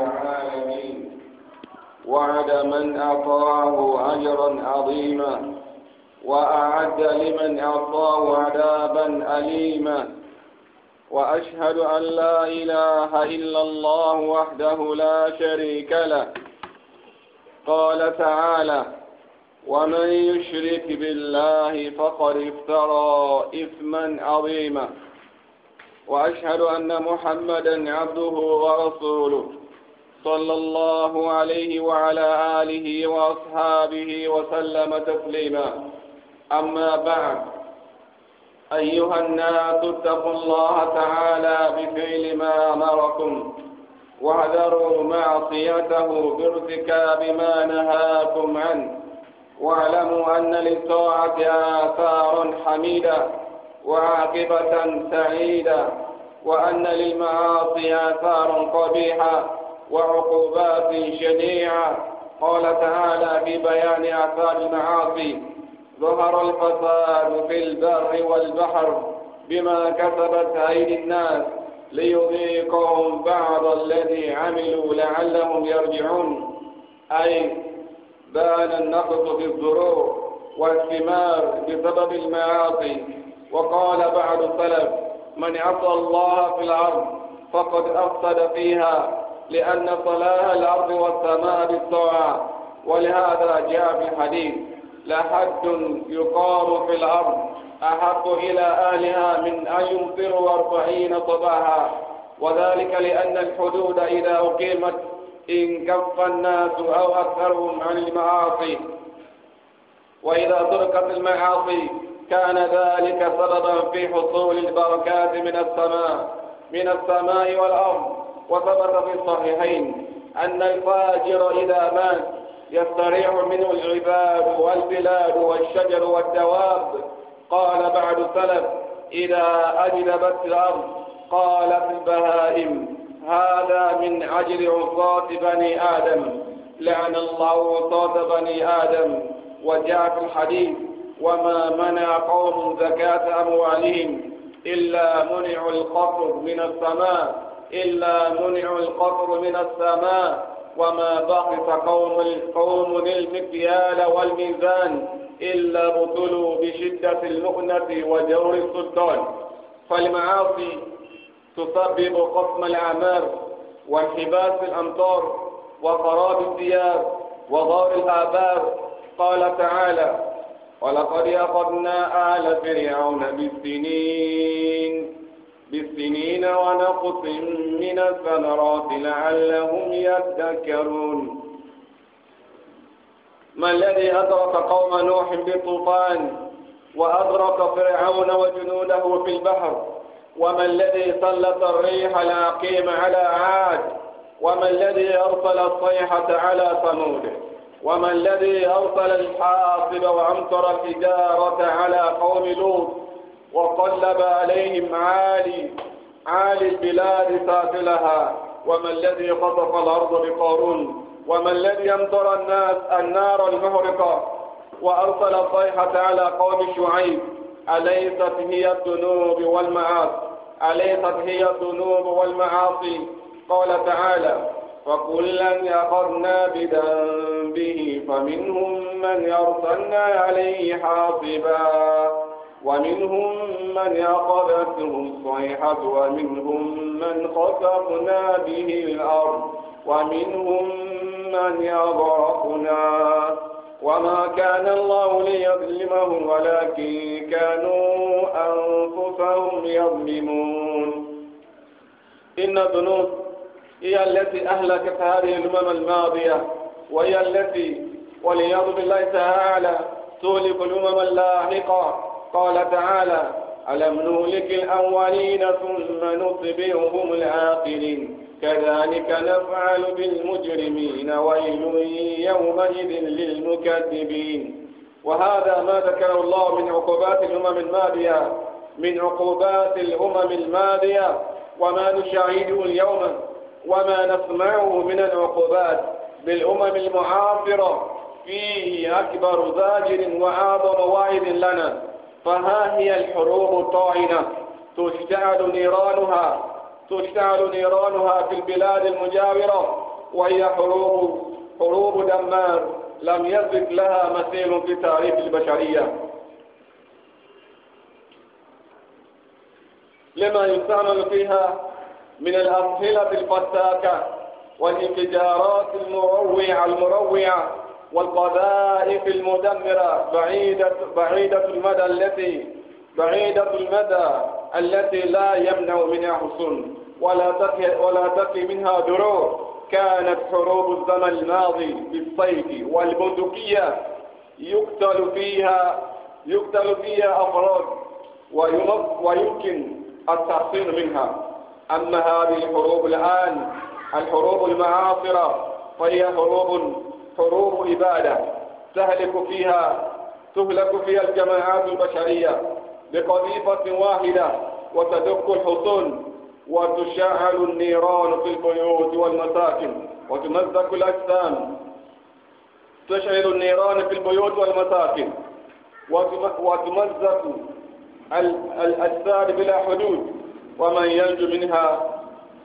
العالمين وعد من أطاعه أجرا عظيما وأعد لمن أطاعه عذابا أليما وأشهد أن لا إله إلا الله وحده لا شريك له قال تعالى ومن يشرك بالله فقد افترى إثما عظيما وأشهد أن محمدا عبده ورسوله صلى الله عليه وعلى آله وأصحابه وسلم تسليما أما بعد أيها الناس اتقوا الله تعالى بفعل ما أمركم واحذروا معصيته بارتكاب ما نهاكم عنه واعلموا أن للطاعة آثار حميدة وعاقبة سعيدة وأن للمعاصي آثار قبيحة وعقوبات شنيعة قال تعالى في بيان آثار المعاصي ظهر الفساد في البر والبحر بما كسبت أيدي الناس ليذيقهم بعض الذي عملوا لعلهم يرجعون أي بان النقص في الزروع والثمار بسبب المعاصي وقال بعض السلف من عصى الله في الأرض فقد أفسد فيها لأن صلاح الأرض والسماء بالطاعة ولهذا جاء في الحديث لحد يقام في الأرض أحق إلى أهلها من أن يمطروا أربعين صباحا وذلك لأن الحدود إذا أقيمت إن كف الناس أو أكثرهم عن المعاصي وإذا تركت المعاصي كان ذلك سببا في حصول البركات من السماء من السماء والأرض وثبت في الصحيحين أن الفاجر إذا مات يستريح منه العباد والبلاد والشجر والدواب قال بعد السلف إذا أجلبت الأرض قالت البهائم هذا من عجل عصاة بني آدم لعن الله عصاة بني آدم وجاء في الحديث وما منع قوم زكاة أموالهم إلا منعوا القصر من السماء إلا منع القبر من السماء وما بقت قوم قوم المكيال والميزان إلا بطلوا بشدة المؤنة وجور السلطان فالمعاصي تسبب قسم الأعمار وانحباس الأمطار وخراب الديار وضار الآبار قال تعالى ولقد أخذنا آل فرعون بالسنين بالسنين ونقص من الثمرات لعلهم يذكرون ما الذي أدرك قوم نوح بالطوفان وأدرك فرعون وجنوده في البحر وما الذي سلط الريح العقيم على عاد وما الذي أرسل الصيحة على ثمود وما الذي أرسل الحاصب وأمطر التجارة على قوم لوط وقلب عليهم عالي عالي البلاد سافلها وما الذي خطف الأرض بقارون وما الذي أمطر الناس النار المهرقة وأرسل الصيحة على قوم شعيب أليست هي الذنوب والمعاصي أليست هي الذنوب والمعاصي قال تعالى فكلا أخذنا بذنبه فمنهم من أرسلنا عليه حاصبا ومنهم من أخذتهم صيحة ومنهم من خسفنا به الأرض ومنهم من يضعفنا وما كان الله ليظلمهم ولكن كانوا أنفسهم يظلمون إن الذنوب هي التي أهلكت هذه الأمم الماضية وهي التي والعياذ بالله تعالى تهلك الأمم اللاحقة قال تعالى ألم نهلك الأولين ثم نطبعهم الآخرين كذلك نفعل بالمجرمين ويل يومئذ للمكذبين وهذا ما ذكره الله من عقوبات الأمم الماضية من عقوبات الأمم الماضية وما نشاهده اليوم وما نسمعه من العقوبات بالأمم المعاصرة فيه أكبر زاجر وأعظم واعظ لنا فها هي الحروب الطاعنة تشتعل نيرانها تشتعل نيرانها في البلاد المجاورة وهي حروب حروب دمار لم يسبق لها مثيل في تاريخ البشرية لما يستعمل فيها من الأسهلة الفتاكة والانفجارات المروعة المروعة والقذائف المدمرة بعيدة, بعيدة المدى التي بعيدة المدى التي لا يمنع منها حصن ولا تقي ولا تقي منها دروع كانت حروب الزمن الماضي بالصيد والبندقية يقتل فيها يقتل فيها أفراد ويمكن التحصين منها أما هذه الحروب الآن الحروب المعاصرة فهي حروب حروم إبادة تهلك فيها تهلك فيها الجماعات البشرية بقذيفة واحدة وتدق الحصون وتشعل النيران في البيوت والمساكن وتمزق الأجسام تشعل النيران في البيوت والمساكن وتمزق الأجساد بلا حدود ومن ينجو منها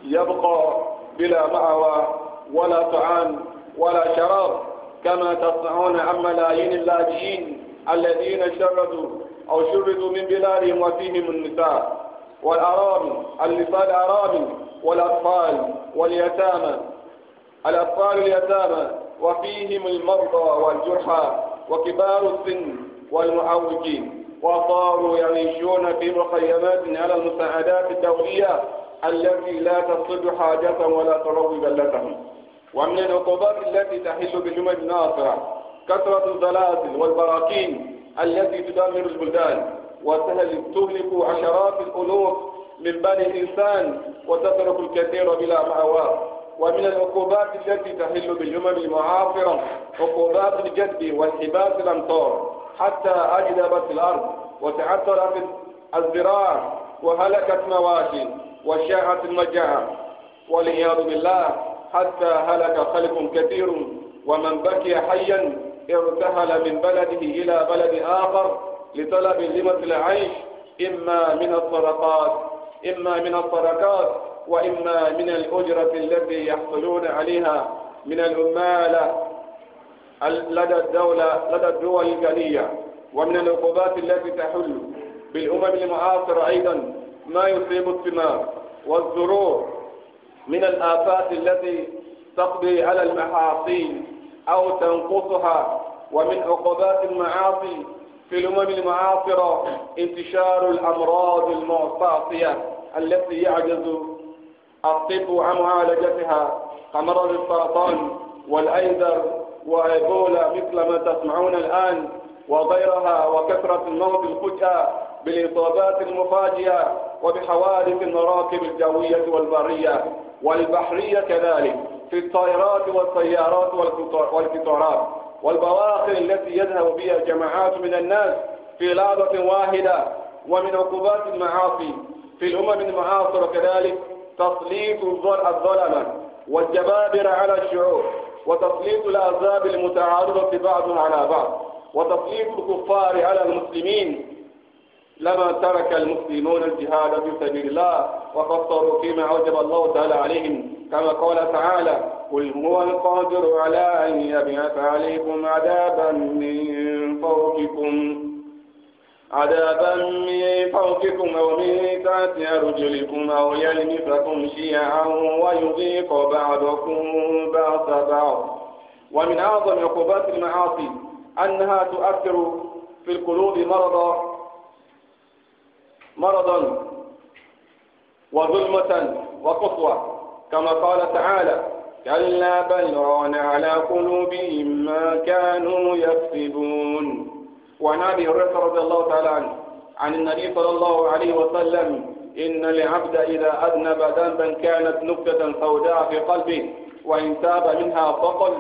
يبقى بلا مأوى ولا طعام ولا شراب كما تصنعون عن ملايين اللاجئين الذين شردوا أو شردوا من بلادهم وفيهم النساء والأرامي النساء الأرامي والأطفال واليتامى الأطفال اليتامى وفيهم المرضى والجرحى وكبار السن والمعوجين وصاروا يعيشون في مخيمات على المساعدات الدولية التي لا تصد حاجتهم ولا تروي بلدهم ومن العقوبات التي تحل بالأمم الناصرة كثرة الزلازل والبراكين التي تدمر البلدان وتهلك عشرات الألوف من بني الإنسان وتترك الكثير بلا ماوى ومن العقوبات التي تحل بالأمم المعاصرة عقوبات الجد والحباس الأمطار حتى أجدبت الأرض وتعثرت الزراعة وهلكت مواشي وشاعت المجاعة والعياذ بالله حتى هلك خلق كثير ومن بكي حيا ارتحل من بلده إلى بلد آخر لطلب لمثل العيش إما من الصدقات إما من الصدقات وإما من الأجرة التي يحصلون عليها من العمال لدى الدولة لدى الدول الغنية ومن العقوبات التي تحل بالأمم المعاصرة أيضا ما يصيب الثمار والزرور من الآفات التي تقضي على المعاصي أو تنقصها ومن عقوبات المعاصي في الأمم المعاصرة انتشار الأمراض المعصاصية التي يعجز الطب عن معالجتها كمرض السرطان والأيدر وإيبولا مثل ما تسمعون الآن وغيرها وكثرة الموت الفجأة بالإصابات المفاجئة وبحوادث المراكب الجوية والبرية والبحرية كذلك في الطائرات والسيارات والقطارات والبواخر التي يذهب بها جماعات من الناس في لحظة واحدة ومن عقوبات المعاصي في الأمم المعاصرة كذلك تسليط الظلمة والجبابرة على الشعوب وتسليط الأعزاب المتعارضة بعضها على بعض وتسليط الكفار على المسلمين لما ترك المسلمون الجهاد في سبيل الله وقصروا فيما أوجب الله تعالى عليهم كما قال تعالى قل هو القادر على أن يبعث عليكم عذابا من فوقكم عذابا من فوقكم أو من تحت أرجلكم أو يلمسكم شيعا ويضيق بعضكم بعض بعض ومن أعظم عقوبات المعاصي أنها تؤثر في القلوب مرضا مرضا وظلمة وقسوة كما قال تعالى كلا بل ران على قلوبهم ما كانوا يكسبون وعن ابي هريره رضي الله تعالى عنه عن النبي صلى الله عليه وسلم ان العبد اذا اذنب ذنبا كانت نكته سوداء في قلبه وان تاب منها فقل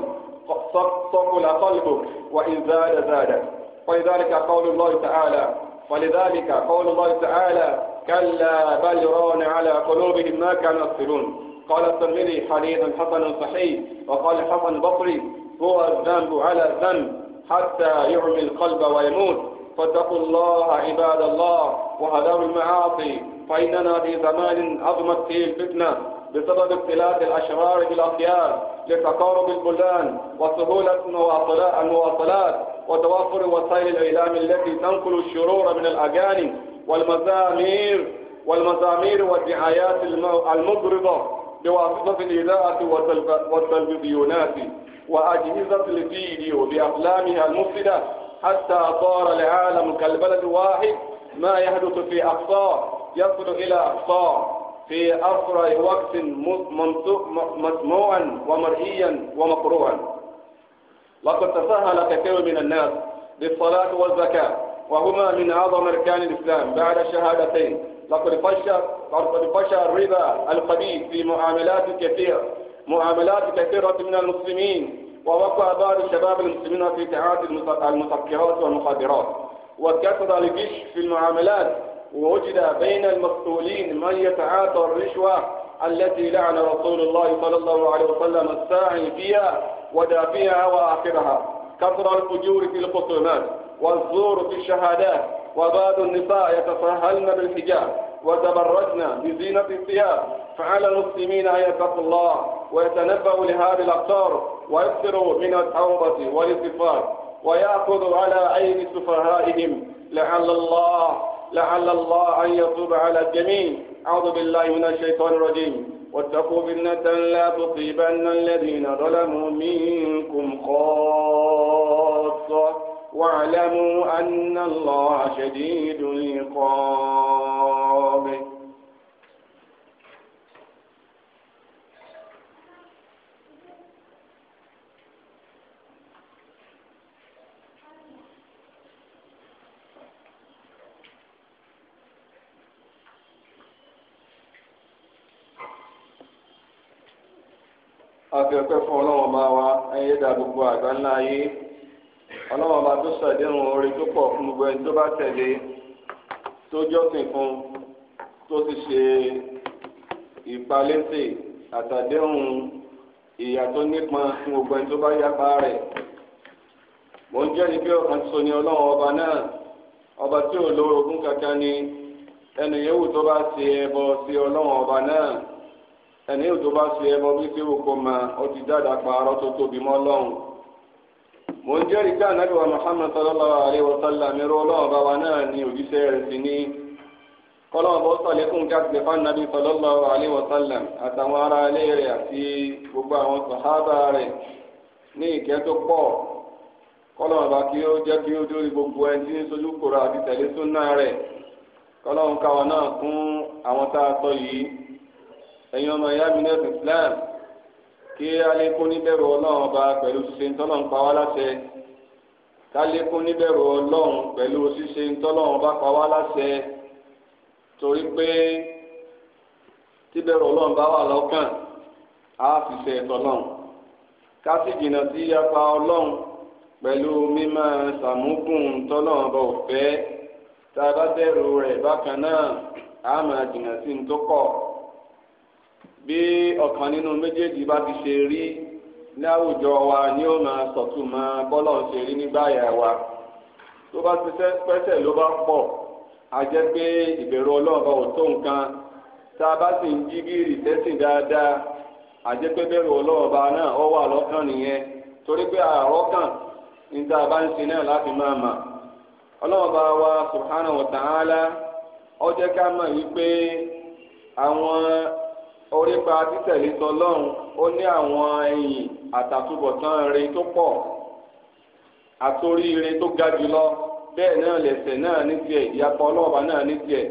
فقل قلبه وان زاد زاد ولذلك قول الله تعالى ولذلك قول الله تعالى كلا بل يرون على قلوبهم ما كانوا يصلون قال الترمذي حديث حسن صحيح وقال حسن البصري هو الذنب على الذنب حتى يعمي القلب ويموت فاتقوا الله عباد الله وهذا المعاصي فإننا في زمان أضمت فيه الفتنة بسبب اختلاف الأشرار في لتقارب البلدان وسهولة المواصلات وتوافر وسائل الإعلام التي تنقل الشرور من الأجانب والمزامير والمزامير والدعايات المضربة بواسطة الإذاعة والتلفزيونات وأجهزة الفيديو بأقلامها المفسدة حتى صار العالم كالبلد واحد ما يحدث في أقصى يصل إلى أقصى في أسرع وقت مسموعا ومرئيا ومقروعا لقد تسهل كثير من الناس بالصلاة والزكاة وهما من أعظم أركان الإسلام بعد الشهادتين لقد فشى لقد فشى الربا الخبيث في معاملات كثيرة معاملات كثيرة من المسلمين ووقع بعض شباب المسلمين في تعاطي المسكرات والمخدرات وكثر الغش في المعاملات ووجد بين المسؤولين من يتعاطى الرشوة التي لعن رسول الله صلى الله عليه وسلم الساعي فيها ودافئها وآخرها كثر الفجور في الخصومات والزور في الشهادات وبعض النساء يتصهلن بالحجاب وتبرجن بزينة الثياب فعلى المسلمين أن يتقوا الله ويتنبأوا لهذه الأقطار ويكثروا من التوبة والاستغفار ويأخذوا على أيدي سفهائهم لعل الله لعل الله أن يتوب على الجميع أعوذ بالله من الشيطان الرجيم واتقوا فتنة لا تصيبن الذين ظلموا منكم خاصة واعلموا أن الله شديد العقاب fi ọpẹ́ fún ọlọ́wọ́n bá wa ẹyẹ dá gbogbo àgbà ńlá ayé ọlọ́wọ́n bá tó sàdéhùn orí tó pọ̀ fún gbogbo ẹni tó bá tẹ̀lé tó jọ́sìn fún tó ti ṣe ìpalẹ́sẹ̀ àtàdéhùn ìyà tó nípọn fún gbogbo ẹni tó bá yápa rẹ̀ mò ń jẹ́rìí pé ọkàn ti so ní ọlọ́wọ́n ọba náà ọba tí ò lórogún kankan ni ẹnu yẹ̀wò tó bá ṣe ẹbọ sí ọlọ́wọ́n ọba náà ẹni òjò bá ṣe ẹmọ bí kéwù kó ma ó ti dáadáa pààrọ̀ tó tóbi mọ́ lọ́hùn. mo ń jẹ́rìí pé ànábì wa Muhammad sallallahu alayhi wa sallam irú ọlọ́run bá wa náà ní òjíṣẹ́ rẹ̀ sí ní kọ́lọ́run bó sàlékún gáàsì sallallahu alayhi wa sallam àtàwọn ará ilé rẹ̀ àti gbogbo àwọn sàhábà rẹ̀ ní ìkẹ́ tó pọ̀ kọ́lọ́run kí ó jẹ́ kí ó dórí gbogbo ẹni tí ń sojú kòrò àti tẹ̀lé súnà rẹ̀ kọ́lọ́run náà fún àwọn tá a sọ yìí ẹ̀yin ọmọ ìyá mi nẹ́ẹ̀sì Islam kí a lékún níbẹ̀rù ọlọ́run ọba pẹ̀lú ṣíṣe ńtọ́lọ̀ ń pa wá láṣẹ ká lékún níbẹ̀rù ọlọ́run pẹ̀lú ṣíṣe ńtọ́lọ̀ ọba pa wá láṣẹ torí pé tíbẹ̀rù ọlọ́run bá wà lọ́kàn á sì ṣe ẹ̀tọ́ náà ká sì jìnnà sí apá ọlọ́run pẹ̀lú mímọ́ sàmúgùn tọ́lọ̀ ọba òfẹ́ tá a bá bẹ̀rù rẹ̀ bákan náà á máa jìnnà sí ní tó pọ̀. bí ọ̀kan nínú méjèèjì bá ti ṣe rí ní àwùjọ wa ni ó máa sọ̀túnmọ́ bọ́lọ̀ ṣe rí nígbà yà wa tó bá ti pẹ́sẹ̀ ló bá pọ̀ a jẹ́ pé ìbẹ̀rù ọlọ́ọ̀bá ò tó nǹkan tá a bá sì ń jí gírì tẹ́sìn dáadáa a jẹ́ pé bẹ̀rù ọlọ́ọ̀bá náà wà lọ́kàn nìyẹn torí pé àrọ́kàn a bá ń ṣe náà láti máa mà wa subhanahu wa ta'ala jẹ́ ká mọ̀ wípé àwọn orípa títẹ̀lé tọlọ́run ó ní àwọn ẹ̀yìn àtàtúbọ̀tán rere tó pọ̀ àtòríire tó ga jùlọ bẹ́ẹ̀ náà lẹ̀sẹ̀ náà ní tiẹ̀ ìyapa ọlọ́ọ̀bà náà ní tiẹ̀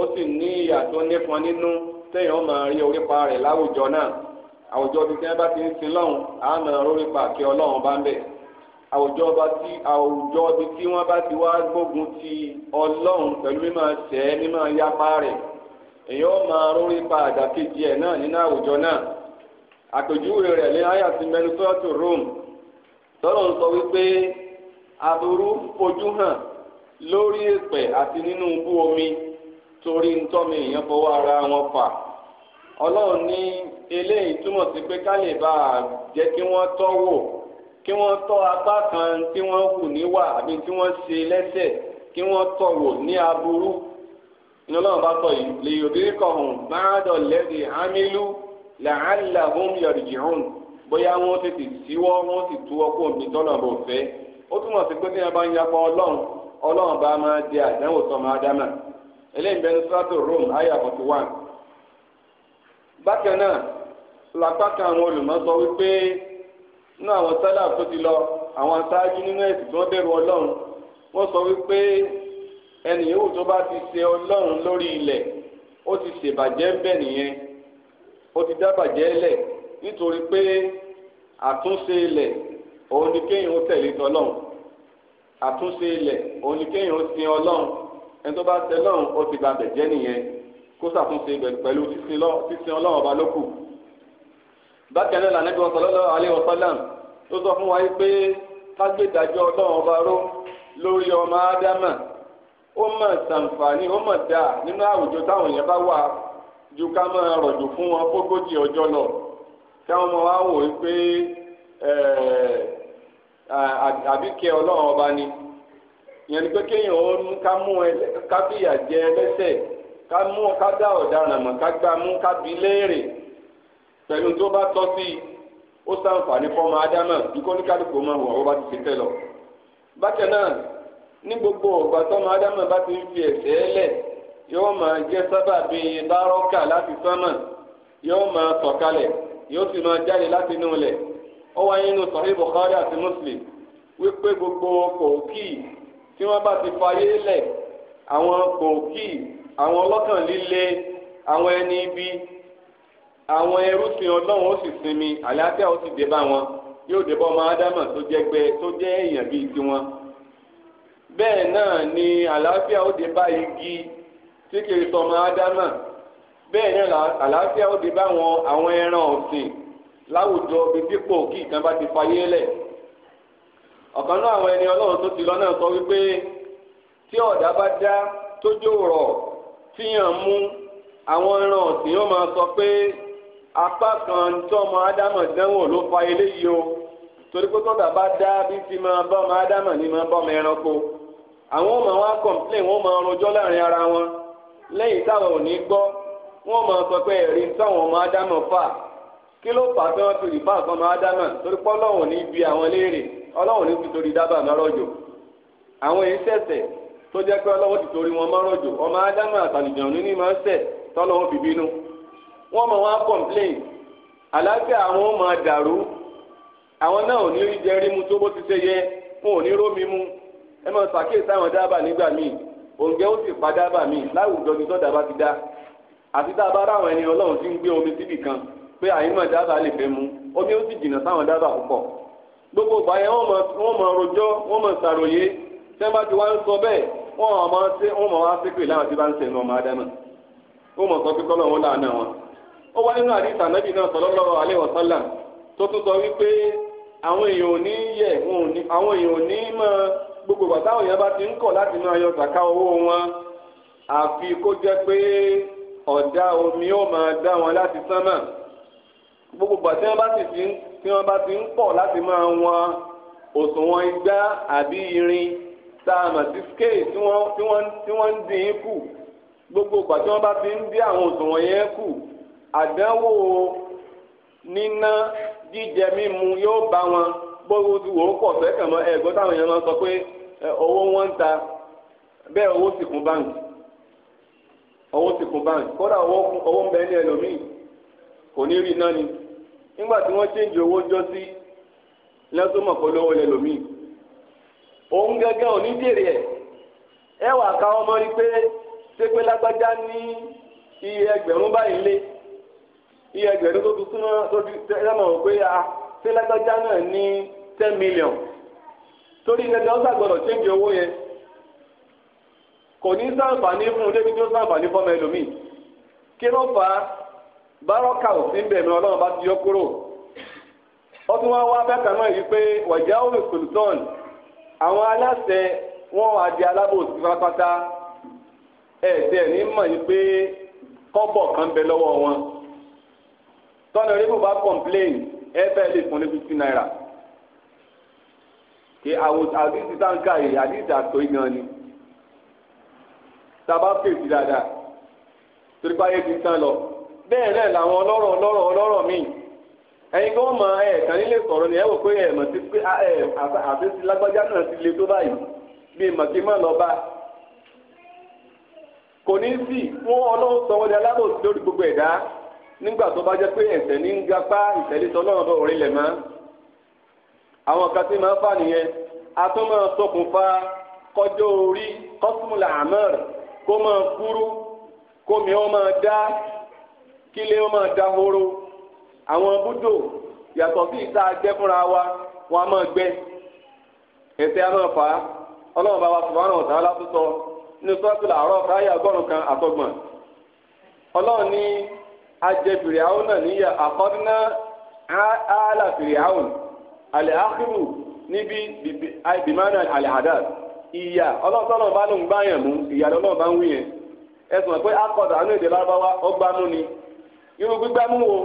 ó sì ní ìyà tó nípọn nínú téèyàn máa rí orípa rẹ̀ láwùjọ náà àwùjọ bíi tí wọ́n bá ti ń sin lọ́hùn àmọ́ orípa àti ọlọ́run bá ń bẹ̀ àwùjọ bá ti àwùjọ bíi tí wọ́n bá ti wá gbógun ti ọlọ́run pẹ̀lú mímọ̀ ṣẹ́ mímọ̀ yapa rẹ̀ èyàn ó máa rórí pa àdàkejì ẹ̀ náà nínú àwùjọ náà àpèjúwe rẹ̀ ní àyà ti mẹnu Rome tọ́lọ̀ ń sọ wípé aburú fojú hàn lórí àti nínú omi torí ntọ́mi èèyàn ara wọn fà ọlọ́run ní eléyìí túmọ̀ sí pé ká lè bá a jẹ́ kí wọ́n tọ́ kan tí wọ́n hù níwà àbí tí wọ́n ṣe lẹ́sẹ̀ kí wọ́n inú ọlọ́run bá sọ yìí lè yòdìrí kọ̀hún báàdọ̀ lẹ́dí amílù làálà hóm yọ̀rìjìhún bóyá wọ́n tètè síwọ́ wọ́n sì tú ọkọ̀ omi tọ́lọ̀ bò fẹ́ ó túmọ̀ sí pé téèyàn bá ń yapa ọlọ́run ọlọ́run bá máa di àdánwò sọmọ ádámà eléyìí bẹ́ẹ̀ ní sátò rome ayé àkọ́tù wà. bákan náà lápá kan àwọn olùmọ̀ wípé nínú àwọn sálà tó ti lọ àwọn aṣáájú nínú ẹ̀sìn tí wọ́n bẹ̀rù ọlọ́run wọ́n sọ wípé ẹnì yòówù tó bá ti ṣe ọlọ́run lórí ilẹ̀ ó ti ṣèbàjẹ́ ń bẹ̀ nìyẹn ó ti dábàjẹ́ lẹ̀ nítorí pé àtúnṣe ilẹ̀ òun ni kéèyàn ó tẹ̀lé tọlọ́run àtúnṣe ilẹ̀ òun ni kéèyàn ó sin ọlọ́run ẹni tó bá ṣe lọ́run ó ti bàbẹ̀ jẹ́ nìyẹn kó ṣàtúnṣe pẹ̀lú sísin ọlọ́run ọba lókù bákan náà lànà bí wọn sallallahu alaihi tó sọ fún wa yìí pé ká ọlọ́run ọba ró lórí ọmọ ádámà ó mọ̀ ṣàǹfààní ó mọ̀ dáa nínú àwùjọ táwọn èèyàn bá ju ká máa rọ̀jò fún wọn fógójì ọjọ́ lọ káwọn ọmọ wa wò ó pé àbíkẹ́ ọlọ́run ọba ni ìyẹn ni pé kéèyàn ó mú ká mú jẹ ẹlẹ́ṣẹ̀ ká mú ká dá ọ̀daràn mọ̀ ká gbá mú ká bi léèrè pẹ̀lú tó bá tọ́ sí i ó ṣàǹfààní fọmọ ádámà bí bá lọ. náà ní gbogbo ọgbà tọmọ ádámà bá ti ń fi ẹsẹ̀ lẹ̀ yóò máa jẹ́ sábàbí bárọ́kà láti sánmà yóò máa sọ̀kalẹ̀ yóò sì máa jáde láti inú lẹ̀ ó wá nínú sọ̀rí Bukhari àti Muslim wípé gbogbo kòókì tí wọ́n bá ti fayé lẹ̀ àwọn kòókì àwọn ọlọ́kàn líle àwọn ẹni ibi àwọn ẹrúsìn ọlọ́run ó sì sinmi àlàáfíà ó sì dé bá wọn yóò dé bá ọmọ ádámà tó jẹ́ gbẹ tó jẹ́ èèyàn bíi tiwọn bẹ́ẹ̀ náà ni àlàáfíà ó dé bá igi tí kìí sọmọ ádámà bẹ́ẹ̀ náà àlàáfíà ó dé bá àwọn ẹran ọ̀sìn láwùjọ bí dípò kí ìkan bá ti fayé lẹ̀ ọ̀kan náà àwọn ẹni ọlọ́run tó ti lọ náà sọ wípé tí ọ̀dà bá dá tójó rọ̀ tíyàn mú àwọn ẹran ọ̀sìn yóò máa sọ pé apá kan tọ́mọ ádámà dánwò ló fa eléyìí o torí pé tọ́dà bá dá bí ti máa bọ́ ọmọ ádámà ni máa bọ́ ọmọ ẹranko àwọn ọmọ wa kọ̀ǹpilẹ̀ wọ́n máa rojọ́ láàrin ara wọn lẹ́yìn táwọn ò ní gbọ́ wọ́n máa sọ pé ẹ̀rí táwọn ọmọ ádámọ̀ fà kí ló fà tí wọ́n fi rìbá àtọmọ ádámọ̀ torí pé ọlọ́run ní bi àwọn léèrè ọlọ́run ní fi torí dábàá mọ́rọ̀jò àwọn èyí sẹ̀sẹ̀ tó jẹ́ pé ọlọ́run ti torí wọn mọ́rọ̀jò ọmọ ádámọ̀ àtàlùjàn ní ní máa ń sẹ̀ tọ́lọ́run fi bínú wọ́n máa wá kọ̀ǹpilẹ̀n àlàáfíà àwọn máa dàrú àwọn náà ò ní rí jẹ mu tó bó ti ṣe yẹ wọn ò ní rómi mu ẹ máa ṣàkíyèsí àwọn dábàá nígbà míì òǹgẹ́ ó sì pa dábàá míì láwùjọ ní tọ́jà bá ti dá àti tá a bá ráwọn ẹni ọlọ́run tí ń gbé omi síbì kan pé àyínmọ̀ dábàá lè fẹ́ mu omi ó sì jìnnà sáwọn dábàá púpọ̀ gbogbo ìgbà yẹn wọ́n mọ rojọ́ wọ́n mọ sàròyé tẹ́ bá ti wá ń sọ bẹ́ẹ̀ wọ́n mọ wá sékè láwọn tí bá ń sẹ̀nu ọmọ ádámà wọ́n mọ sọ pé kọ́lọ́ wọn láàánú gbogbo bàtà òyìn bá ti ń kọ̀ láti máa yọ zaka owó wọn àfi kó jẹ́ pé ọ̀dá omi ó máa dá wọn láti sánmà gbogbo bàtà wọn bá sì ti ń tí wọn bá ti ń pọ̀ láti máa wọn òṣùwọ̀n igbá àbí irin tá a mọ̀ sí scale tí wọ́n tí wọ́n tí wọ́n ń dín kù gbogbo ìgbà tí wọ́n bá fi ń dín àwọn òṣùwọ̀n yẹn kù àdánwò níná jíjẹ mímu yóò bá wọn bọ́ọ̀lù ti wo ó pọ̀ fẹ́ kàn mọ́ ẹ̀gbọ́n táwọn èèyàn máa sọ pé owó wọn ń ta bẹ́ẹ̀ owó sì kún báǹkì owó sì kún báǹkì kódà owó ń bẹ ní ẹlòmíì kò ní rí náà ni nígbà tí wọ́n owó jọ sí lẹ́tọ́ mọ̀ lówó lẹ́lòmíì òun gẹ́gẹ́ òní ẹ̀ ẹ ṣé lágbájá náà ní ten million torí gẹ́gẹ́ ó sàgbọ́dọ̀ ṣéǹjì owó yẹn kò ní sàǹfààní fún un débi tí ó sàǹfààní fọmọ ẹlòmíì kí ló fà á bárọ́kà ò sí bẹ̀rẹ̀ ọlọ́run bá ti yọ kúrò ó tún wá wá bẹ́ẹ̀ kan náà yìí pé wàjá òrùn sultan àwọn aláṣẹ wọn wà di alábòsí pátápátá ẹ̀ẹ́dẹ̀ ní mọ̀ yìí pé kọ́bọ̀ kan bẹ lọ́wọ́ wọn tọ́nà rẹ́bù bá kọ̀ǹpléǹtì. airfare lè fún naira kí àwọn àdìsí táǹkà yìí àdìsí yìí ni sábà fèsì dáadáa torí báyé ti tán lọ bẹ́ẹ̀ náà làwọn ọlọ́rọ̀ ọlọ́rọ̀ ọlọ́rọ̀ míì kí wọ́n mọ ẹ̀ẹ̀kan nílé sọ̀rọ̀ ni ẹ wò pé ẹ̀ mọ̀ sí pé àfẹ́sí lágbájá náà ti le tó báyìí bí mọ̀ kí má lọ bá kò ní sí ọlọ́run sọ alábòsí gbogbo nígbà tó bá jẹ́ pé ẹ̀ṣẹ̀ ní ń gapá ìtẹ̀lé tọ́lọ́run bá òrin lẹ̀ mọ́ àwọn kan tí máa ń fà nìyẹn a tún máa ṣokùnfà kọjọ́ orí kọ́sùmùlà àmọ́r kó máa kúrú kómi ó máa dá kílé ó máa dá horo àwọn búdò yàtọ̀ sí ìta jẹ́ fúnra wa wọn máa gbẹ ẹ̀ṣẹ̀ a máa fà á ọlọ́run bá wa subhanahu wa ta'ala tó sọ ní sọ́ọ̀tù làárọ̀ káyà ọgọ́rùn-ún kan àtọ́gbọ̀n ọlọ́run ní. ajẹ fìrìhàwọn náà níyà àkọ́dúnà àlà fìrìhàwọn àlẹ́ àkìrù níbi bìmánà àlẹ́ ọlọ́sọ́nà bá lóun gbá yẹn mú bá ń wí yẹn pé akọ̀dà àánú èdè lárúbáwá mú ni irú gbígbá mú wo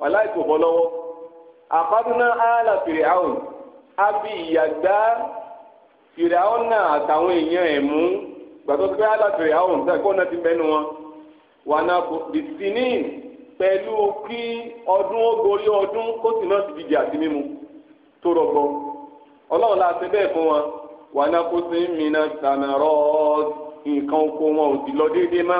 wàhálà bọ́ lọ́wọ́ àbí náà àtàwọn èèyàn ẹ̀ mú pelu bìsínìn pẹ̀lú kí ọdún ogorí ọdún kó sì náà ti di mímu tó rọgbọ ọlọ́run la bẹ́ẹ̀ fún wa wànàbò mìíràn sàmẹ̀rọ̀ nǹkan oko wọn ò sì lọ déédéé má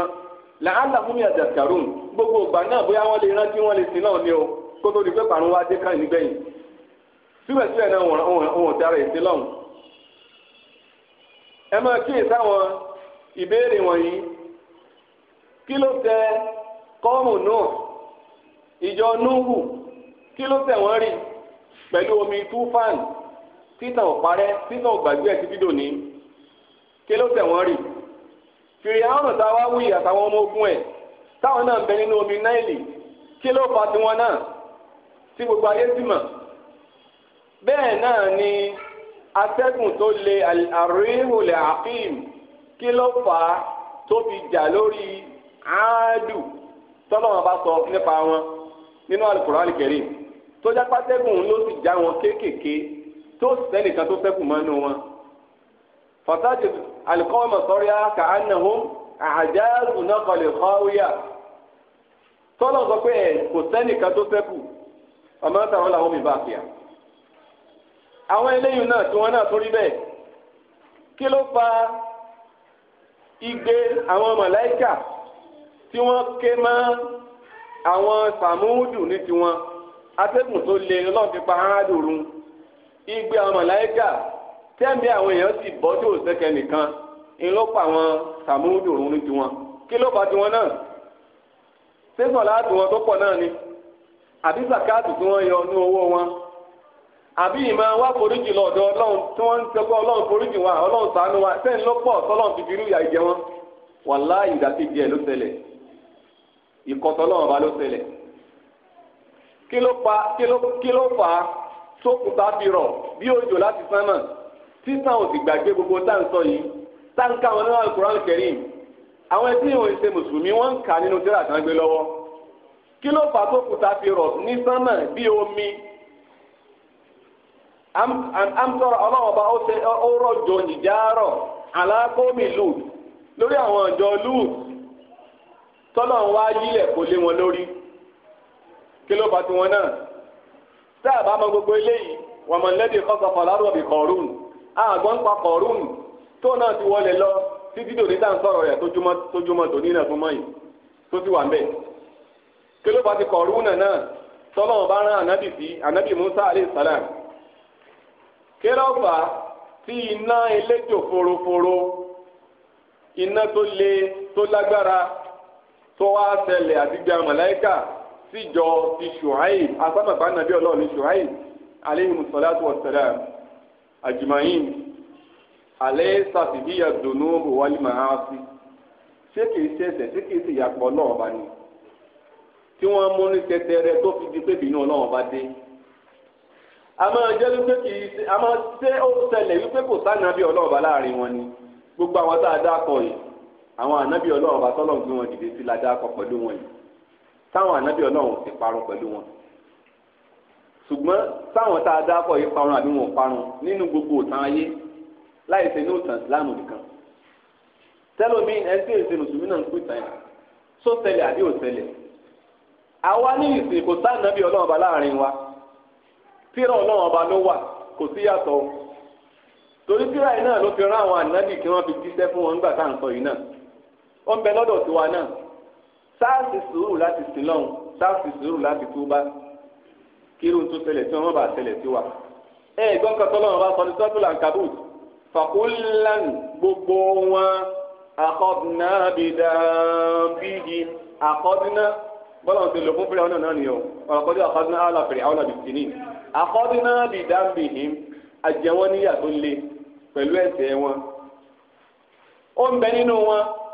làálà fún mi àjàkàrùn gbogbo ìgbà náà bóyá wọ́n lè rántí wọ́n lè sin náà ni o kó tó di pé pàrọ̀ wá dé káyìn nígbẹ̀yìn síbẹ̀síbẹ̀ náà wọn ò dára ìsin lọ́hùn ẹ máa kíyèsí àwọn kí ló tẹ kọ́ọ̀mù náà ìjọ núhù kí ló tẹ wọ́n rì pẹ̀lú omi túfàn títàn ọ̀parẹ́ títàn ọ̀gbàgbé ẹ̀ títí dòní kí ló tẹ wọ́n rì fìrì àwọn ọ̀tá wa wí àtàwọn ọmọ ogun ẹ̀ táwọn náà ń bẹ nínú omi náìlì kí ló fa tiwọn náà tí gbogbo ayé sì mọ̀ bẹ́ẹ̀ náà ni atẹ́gùn tó le àríhùlẹ̀ àfíìm kí ló fà á jà lórí áádù tọ́lọ́ wọn bá sọ nípa wọn nínú alukoro alikẹ́rì tó já pátẹ́gùn ló sì já wọn kéékèèké tó sẹ́nìkan tó fẹ́kù mọ́ inú wọn. fọ́tájì alikọ́ọ̀mọ̀ sọ́rí àkà ánàhùn àjáàzù náà kọlẹ̀ kọ́wíyà tọ́lọ́ sọ pé kò sẹ́nìkan tó fẹ́kù ọmọ táwọn làwọn mi bá fìyà. àwọn eléyìí náà tí wọ́n náà tó rí bẹ́ẹ̀ kí ló fa igbe àwọn màláíkà. tí wọ́n ké mọ́ àwọn sàmúhùdù ní tiwọn atẹ́gùn tó le lọ́n fi pa áádùrú igbe àwọn màláíkà tẹ́ẹ̀mí àwọn èèyàn sì bọ́ tí sẹ́kẹ̀ nìkan ìlọ́pọ̀ àwọn ní tiwọn kí ló pa tiwọn náà sẹ́sàn yọ ní owó wọn àbí ìmọ̀ wá foríjì lọ́dọ̀ ọlọ́run tí wọ́n ń tẹ́gbọ́ ọlọ́run foríjì wa ọlọ́run wa sẹ́yìn ló pọ̀ tọ́lọ́run ti wọn ìdàkejì ìkọ̀tọ̀ lọ́wọ́n ba ló ṣẹlẹ̀ kí ló pa kí ló fà á sókùtà fi rọ̀ bí òjò láti sánmà títàn òsì gbàgbé gbogbo tá à ń sọ yìí tá à ń ká àwọn nínú Al-Qur'an Karim àwọn ẹtí ìwọ̀n ìṣe mùsùlùmí wọ́n ń kà nínú tírà kan gbé lọ́wọ́ kí ló fà á sókùtà fi rọ̀ ní sánmà bí omi amtọrọ ọlọ́wọ́ba ó rọ̀jò nìjà rọ̀ lù lórí àwọn ọ̀jọ̀ lùt tọ́lọ̀ ń wá yílẹ̀ kó lé wọn lórí kí ló bá tiwọn náà tá a bá mọ gbogbo eléyìí wọn mọ lẹ́dí kọ́sọ̀kọ̀ lárọ̀bì kọ̀ọ̀rùn àgbọn ń pa kọ̀ọ̀rùn tó náà ti wọlé lọ títí dòní tá à ń sọ̀rọ̀ rẹ̀ tójúmọ́ tòní náà fún mọ́yìn tó ti wà ń bẹ̀ kí ló bá ti kọ̀ọ̀rùn náà tọ́lọ̀ ń bá rán ànábì sí ànábì Musa alayhi kí ló fà á tí iná eléjò foroforo iná tó le tó lágbára tó wá ṣẹlẹ̀ àdìgbà màláíkà síjọ ti ṣùháì asábàbà nàbí ọlọ́run ní ṣùháì alayhi salatu wa salam àjùmáyìn alẹ́ sàfihìyà dùnú wàlí màá sí ṣé kìí ṣe ẹsẹ̀ ṣé kìí ṣe ìyàpọ̀ náà ọba ni tí wọ́n mú ní tẹtẹrẹ tó fi di pé bínú náà ọba dé àmọ́ jẹ́ wípé kìí ṣe àmọ́ ṣé ó ṣẹlẹ̀ wípé kò sáà nàbí ọlọ́ọ̀ba láàrin wọn ni gbogbo àwọn tá a yìí àwọn ànábì ọlọ́run bá tọ́lọ̀ gbé wọn dìde sí ládàkọ pẹ̀lú wọn yìí táwọn ànábì ọlọ́run ti parun pẹ̀lú wọn ṣùgbọ́n táwọn tá a dákọ̀ yìí parun àbí wọn parun nínú gbogbo òtàn ayé láì ṣe ní òtàn Islam nìkan tẹ́lómi ẹni tí èsì mùsùlùmí náà ń pè tán yìí só àbí ò ṣẹlẹ̀ àwa ní ìsìn kò sá ànábì ọlọ́run ọba láàrin wa tíra ọlọ́run ọba ló wà kò sí yàtọ̀ torí tíra yìí náà ló fi rán àwọn ànábì kí wọ́n fi jíṣẹ́ fún wọn nígbà tá à ń sọ yìí náà ó ń bẹ lọ́dọ̀ tiwa náà sáàsì sùúrù láti sin lọ́hùn sáàsì sùúrù láti túbá kírun tó ṣẹlẹ̀ tí wọ́n bá ṣẹlẹ̀ tiwa. ẹ ẹ̀gbọ́n kan tọ́lọ́run bá sọ ní sọ́tùlà kabut fàkúlàn gbogbo wọn àkọ́dúnà bìdàbíyì àkọ́dúnà bọ́lá ń sèlò fún fúlẹ̀ ọ̀nà náà nìyẹn o ọ̀rọ̀ kọ́jú àkọ́dúnà àwọn àbìtìní àkọ́dúnà bìdàbíyì àjẹwọ́n níyà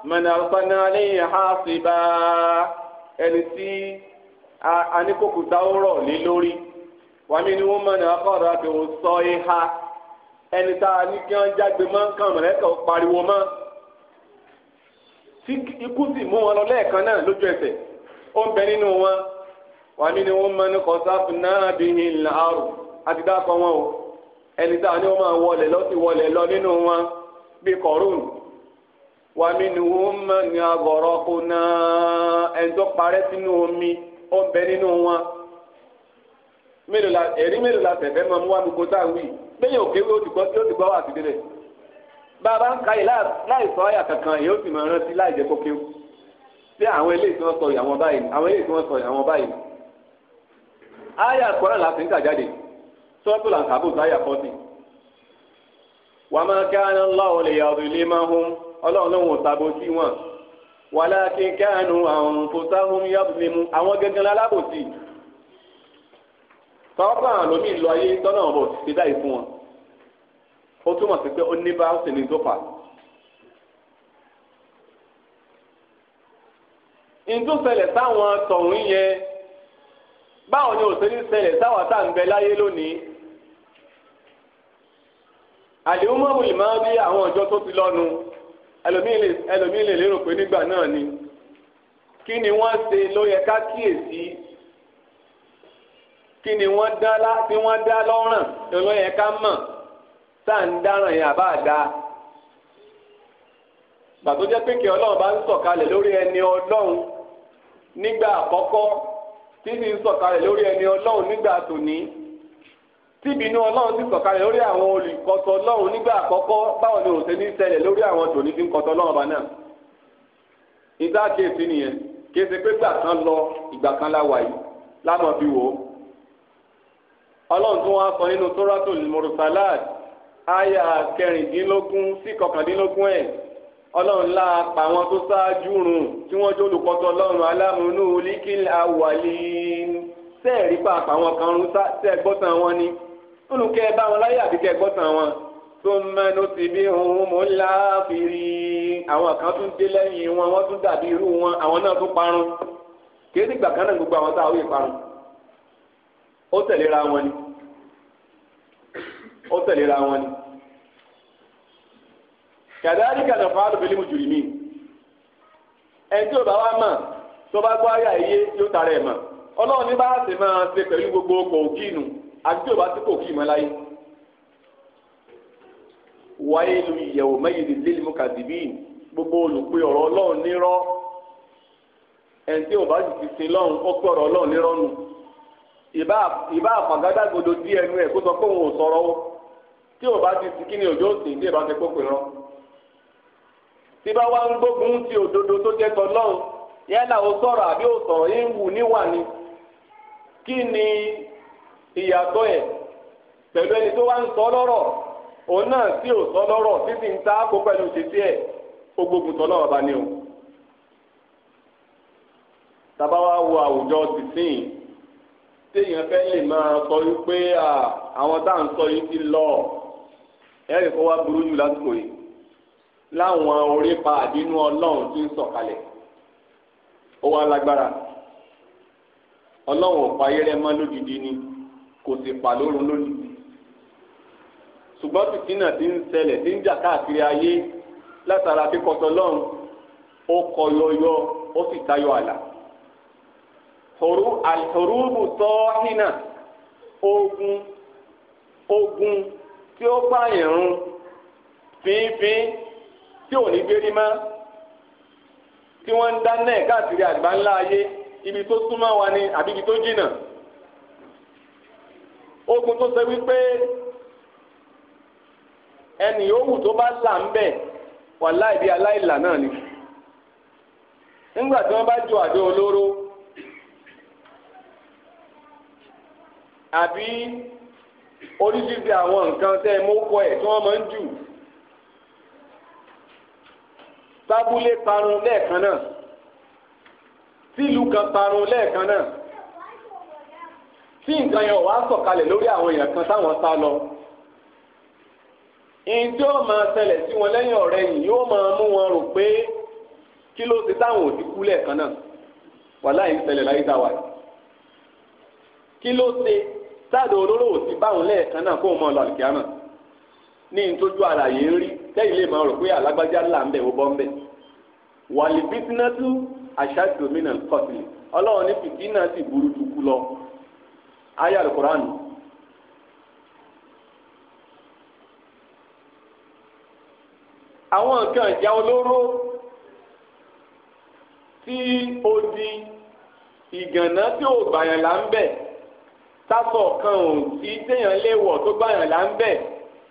mọ̀nà ọ̀sánná ha si bá ẹni tí aníkòkòtà ó rọ̀ lé lórí ni wọ́n mọ̀nà ọkọ̀rọ̀ àti òsọ ìhà ẹni tá a ní kí wọ́n jágbe mọ́ kàn mọ̀lẹ́kà pariwo mọ́ tí ikú sì wọn lọ lẹ́ẹ̀kan náà lójú ẹsẹ̀ ó ń bẹ nínú wọn o enita a ní wa minhum man aghraqna ẹni tó parẹ́ sínú omi ó ń bẹ nínú wọn ẹ̀rí mélòó la tẹ̀fẹ́ mọ́ mú wá gbogbo tá a wí lẹ́yìn òkèwé ó ti gbọ́ wà sí délẹ̀ bàbá ń ka yìí láì sọ àyà kankan èyí ó sì máa rántí láì jẹ́ kókéwú sí àwọn eléyìí tí wọ́n sọ ìyàwó báyìí àwọn eléyìí tí wọ́n sọ ìyàwó báyìí àyà kọ́ra la fi ń tàjáde sọ́ọ́tù làǹkàbù sáyà fọ́tì wàmà kana Allahu li yadhlimahum ọlọ́run lóun ò ṣàbòsí wọn wàlákin kánú àwọn fòtáhùn yàtúmímú àwọn gẹ́gẹ́ lálábòsí tọ́pọ̀ àwọn lómi ìlú ayé tọ́nà ọ̀bọ̀ ti dáì fún wọn ó túmọ̀ sí pé ó ní bá ṣe ní tó fà. ìtúsẹ̀lẹ̀ táwọn tọ̀hún yẹn báwo ni òṣèlú ṣẹlẹ̀ táwọn tá à ń bẹ láyé lónìí àdéhùn mọ́mùlì máa ń rí àwọn ọjọ́ tó ti lọ́nu ẹlòmíì lè lérò pé nígbà náà ni kí ni wọ́n ṣe ló yẹ ká kíyèsí kí ni wọ́n dá tí wọ́n dá lọ́rùn ló yẹ ká mọ̀ tá à ń dáràn yẹn àbá àdá gbàtó jẹ́ pé kí ọlọ́run bá ń sọ̀kalẹ̀ lórí ẹni ọlọ́run nígbà àkọ́kọ́ tí sì ń sọ̀kalẹ̀ lórí ẹni ọlọ́run nígbà tòní tíbi inú ọlọ́run ti sọ̀kalẹ̀ lórí àwọn olùkọ́tọ̀ ọlọ́run nígbà àkọ́kọ́ báwo ni òṣèlú ní ṣẹlẹ̀ lórí àwọn tòní tí ń kọ́tọ̀ ọlọ́run ọba náà ìdá kéèsì nìyẹn kéèsì pé gbà kan lọ ìgbà kan láwà yìí lámọ̀ fi wò ó ọlọ́run tó wá sọ nínú Suratul Mursalat àyà kẹrìndínlógún sí kọkàndínlógún ẹ̀ ọlọ́run la pa àwọn tó ṣáájú run tí wọ́n jó olùkọ́tọ̀ ọlọ́run alámúnú líkìl awwalin sẹ́ẹ̀rí pàápàá àwọn kan rún sẹ́ẹ̀gbọ́tàn wọn ni. nínú kẹ́ bá wọn láyé àbí kẹ́ gbọ́tàn wọn tó mẹ́nu ti bí ohun mò ń la fìrí àwọn kan tún dé lẹ́yìn wọn wọ́n tún dàbí irú wọn àwọn náà tún parun kìí nígbà kan náà gbogbo àwọn táwọn yìí parun ó tẹ̀léra wọn ni ó tẹ̀léra wọn ni kàdáàrí kàdà fàálù fẹlẹ mu jùlí mi o bá wá mọ̀ tó bá gbọ́ ayé àyè yóò tara ẹ̀ mọ̀ ọlọ́run ní ṣe pẹ̀lú gbogbo nù. àti tí o bá ti kò kí ìmọ̀ láyé. wáyé lu ìyẹ̀wò mẹ́yìlì lílì mọ́kàdìbíìn gbogbo olùpẹ ọ̀rọ̀ ọlọ́run nírọ́ ẹni tí o bá ti sin lọ́run ó pẹ ọ̀rọ̀ ọlọ́run nírọ́ nù. ìbá àfàgádágodo dí ẹnu ẹ̀ kó sọ pé òun ò sọ̀rọ̀ o tí o ti sin kí ni òjò sìn tí ìbá ti kó rán. tí bá wá ń gbógun ti òdodo tó jẹ́ tọ́lọ́run yálà o sọ̀rọ̀ àbí o sọ̀rọ̀ yín wù níwà ni kí ni ìyàtọ̀ ẹ̀ pẹ̀lú ẹni tó wá ń sọ lọ́rọ̀ òun náà sí ò sọ lọ́rọ̀ títí ń ta kó pẹ̀lú títí ẹ̀ ó gbógun tọ́ lọ́wọ́ bá ní o. tàbá wá wo àwùjọ tìsín fẹ́ sọ àwọn tá à ń sọ ti lọ ẹ̀rì kó wá burú jù lásìkò yìí láwọn orí pa àdínú ọlọ́run tí ń sọ̀kalẹ̀ ó wá lágbára ọlọ́run ò pa kò sì pa lórun lónìí ṣùgbọ́n fìtínà ti ń ṣẹlẹ̀ ti ń jà káàkiri ayé látara kíkọtọ lọ́run ó kọ yọyọ ó sì tayọ àlà òrùbù tọ́ hínà ogun ogun tí ó pààyàn run fínfín tí ò ní gbérí mọ́ tí wọ́n ń dáná ẹ̀ káàkiri àgbáńlá ayé ibi tó súnmọ́ wa ni àbí ibi tó jìnnà. ogun tó ṣe wípé ẹnì yòówù tó bá là ń bẹ̀ wàláì bí aláìlà náà ni nígbà tí wọ́n bá ju àdó olóró àbí oríṣiríṣi àwọn nǹkan tẹ́ ẹ mọ́kọ ẹ̀ tí wọ́n máa ń jù tábúlé parun lẹ́ẹ̀kan náà tìlú kan parun lẹ́ẹ̀kan náà tí nǹkan yẹn wàá sọ̀kalẹ̀ lórí àwọn èèyàn kan táwọn sá lọ. ìjọ máa ṣẹlẹ̀ sí wọn lẹ́yìn ọ̀rẹ́ yìí yóò máa mú wọn rò pé kí ló ti táwọn òdì kú lẹ́ẹ̀kan náà wàhálà yìí ṣẹlẹ̀ láyé tá a wà yìí. kí ló ṣe sáàdọ̀ olóró òsì báwọn lẹ́ẹ̀kan náà kó o mọ lọ àlùkìá náà ní ìtọ́jú àlàyé ń rí tẹ́yìn lè máa rò pé alágbájá là ń bẹ̀ ó bọ́ ń bẹ̀. wàlì bísínátú àṣà ìdòmínà kọ̀tìlì ọlọ́run ní fìtínà sì burú tukú lọ aya alukur'an àwọn nǹkan ìjà olóró tí odi ìgànná tí ò gbàyàn là ń bẹ̀ sásọ kan ò sí téèyàn léwọ̀ tó gbàyàn là ń bẹ̀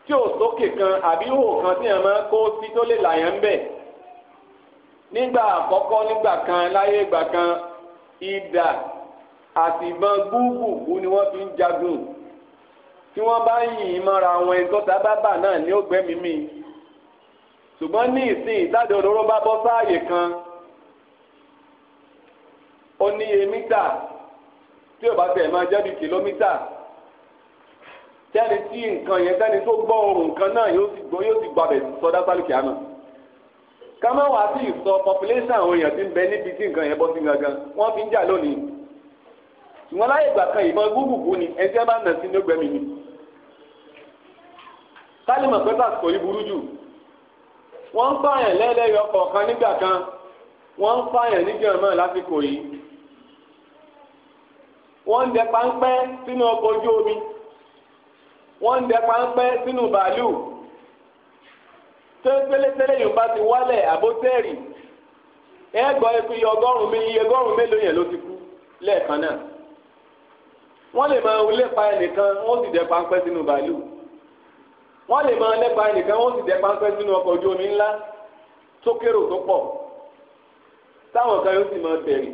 tí ò sókè kan àbí ihò kan téèyàn máa kó sí tó lè làyàn ń bẹ̀ nígbà àkọ́kọ́ nígbà kan láyé ìgbà kan idà àti ìbọn gbúgbùgbù ni wọ́n fi ń jagun tí wọ́n bá yìn ín mọ́ra àwọn ẹni tó ta bábà náà ní ògbẹ́mí mi ṣùgbọ́n ní ìsìn ìtàdé òróró bá bọ́ sáàyè kan ó níye mítà tí ò bá tẹ̀ máa jẹ́ bí kìlómítà tẹ́ni tí nǹkan yẹn tẹ́ni tó gbọ́ ohun kan náà yóò ti gbọ́ yóò ti gbọ́ abẹ̀ sọdá sálùkì àná ká má wàá population àwọn èèyàn ti ń bẹ níbi tí nǹkan yẹn bọ́ sí gangan wọ́n fi ń jà lónìí wọn láyé ìgbà kan ìbọn gbúgbùgbù ni ẹni tí wọn bá nà sí ní ọgbẹmí ni kálímọ pẹpẹ àsìkò yìí burú jù wọn ń pààyàn lẹ́lẹ́yọ kọ̀ọ̀kan nígbà kan wọn ń pààyàn nígbàmọ́ lásìkò yìí wọn ń dẹ páńpẹ́ sínú ọkọ̀ ojú omi wọn ń dẹ páńpẹ́ sínú bàálù tẹ́lẹ̀tẹ́lẹ̀ yìí bá ti wálẹ̀ àbótẹ́ẹ̀rì ẹ gbọ́ ọgọ́rùn-ún mélòó yẹn ló ti kú lẹ́ẹ̀kan náà wọ́n lè máa lépa ẹnìkan wọ́n sì dẹ páńpẹ́ sínú bàálù wọ́n lè máa lépa ẹnìkan wọ́n sì dẹ páńpẹ́ sínú ọkọ̀ ojú omi ńlá tó kérò tó pọ̀ táwọn kan yóò sì máa tẹ̀lé.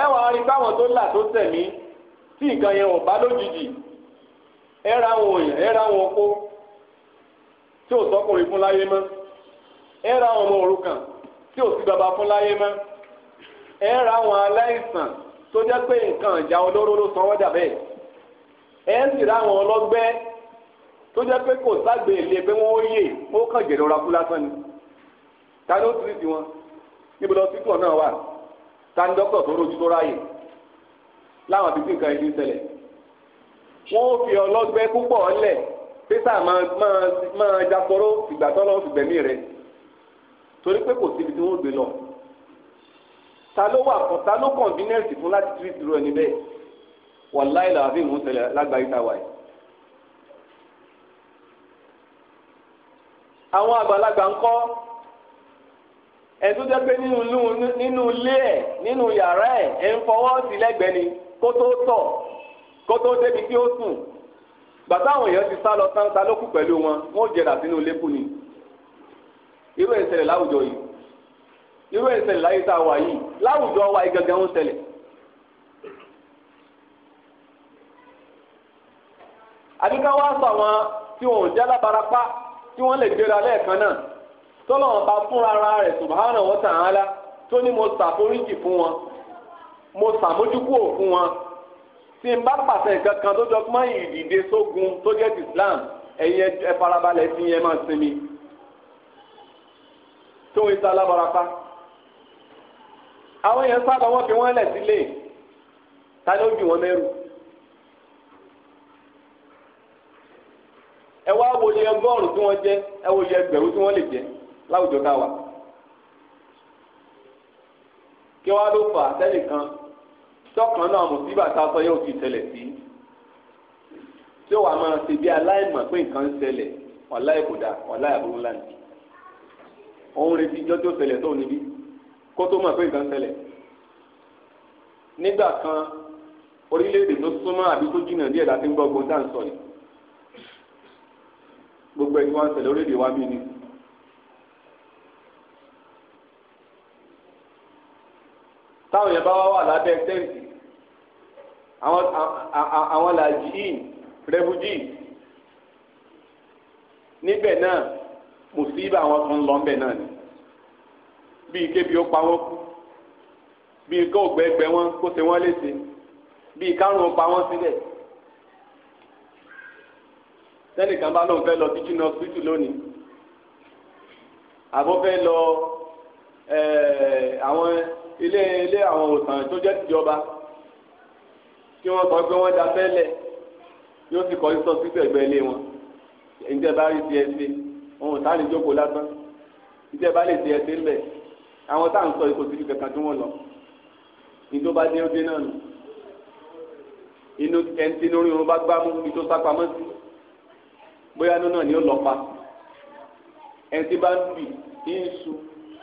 ẹ wàá rí báwọn tó là tó tẹ̀mí tí nǹkan yẹn wọ̀n bá lójijì ẹ ra àwọn òyìn ẹ ra àwọn opó tí ò sọkùnrin fún láyé mọ́ ẹ ra àwọn ọmọ òrukàn tí ò sí bàbá fún láyé mọ́. ẹ ra àwọn aláìsàn tó jẹ pé nǹkan ìjà olóró ló sanwó dà E ẹ sì ra àwọn ọlọgbẹ tó jẹ pé kò ságbè lè pé wọ́n yè ó kàn jèrè ọ̀rọ̀ akú ta ló ti wọn níbo lọ sí ta ni dókítà tó rojú tó ráyè láwọn àbí tí nǹkan ó fi pésà máa máa ìgbà lọ. ta ló wà fún ta ló convenience fún láti treat irú ẹni bẹ́ẹ̀ wàláì làbí mò ń ṣẹlẹ̀ lágbàáyé tá a wà yìí. àwọn àgbàlagbà ń kọ́ ẹ̀ tó jẹ́ pé nínú ilé ẹ̀ nínú yàrá ẹ̀ ẹ̀ ń fọwọ́ sí lẹ́gbẹ̀ẹ́ ni kó tó tọ̀ kó tó débi tí ó sùn gbàtà àwọn èèyàn ti sá lọ tán ta ló kù pẹ̀lú wọn wọn ò jẹrà sínú ilé kù ni irú ẹ̀ ń láwùjọ yìí irú ìṣẹ̀lẹ̀ láyé tá a wà yìí láwùjọ wa gangan ń ṣẹlẹ̀. àbíká wá sọ àwọn tí wọn ò jẹ́ lábarapá tí wọ́n lè gbéra lẹ́ẹ̀kan náà tọ́lọ́wọ́n bá fúnra ara rẹ̀ subhanahu wa ta'ala tó ní mo ṣàforíjì fún wọn mo ṣàmójúkúrò fún wọn tí n bá pàṣẹ nǹkan kan tó jọ mọ́ ìdìde sógun tó jẹ́ ti Islam ẹ̀yin ẹ farabalẹ̀ sí yẹn máa sinmi tó ń ṣe alábarapá àwọn èèyàn sábà wọ́n fi wọ́n lẹ̀ sílé ta ló bì wọ́n mẹ́rù. ẹ wá wo iye ọgọ́rùn-ún tí wọ́n jẹ́ ẹ wo iye ẹgbẹ̀rún tí wọ́n lè jẹ́ láwùjọ tá a wà. kí wọ́n ló fà sẹ́nìkan tọkàn náà mùsíbà tá a sọ yóò fi ṣẹlẹ̀ sí tí ó wàá máa ṣe bí aláìmọ̀ pé nǹkan ń ṣẹlẹ̀ ọ̀la ìkòdà ọ̀la ìbúrúlá ni òun retí ìjọ tó ṣẹlẹ̀ tó níbí kó tó mọ̀ pé nǹkan ṣẹlẹ̀ nígbà kan orílẹ̀-èdè tó súnmọ́ àbí tó jìnnà díẹ̀ láti ń gbọ́ ogun tá à ń sọ yìí gbogbo ẹni wá ń ṣẹlẹ̀ orílẹ̀-èdè wa bí ni. táwọn yẹn bá wá wà lábẹ́ tẹ́ǹtì àwọn àwọn làjíìn rẹ́bùjì níbẹ̀ náà mùsíbà àwọn kan lọ́nbẹ̀ náà ni bíi kébi ó pa wọ́n kú bíi kó gbẹgbẹ wọn kó ṣe wọ́n léṣe bíi kárùn ó pa wọ́n sílẹ̀ sẹ́nìkan bá lóun fẹ́ lọ teaching hospital lónìí àbọ̀ fẹ́ lọ àwọn ilé ilé àwọn òsàn tó jẹ́ tìjọba kí wọ́n sọ pé wọ́n da fẹ́lẹ̀ yóò sì kọ́ sísọ sí ẹgbẹ́ ilé wọn ìjẹba rí ti ṣe ohun tá a lè jókòó lásán ìjẹba lè ti ṣe ń bẹ̀ àwọn táwọn sọ ikọ̀ síbi kankan tí wọ́n lọ nítorí bá dé ọdẹ náà nù inú ẹni tí inú rírun bá gbá mú ibi tó sápamọ́ sí bóyá inú náà ni ó lọ pa ẹni tí bá ń bì í ń su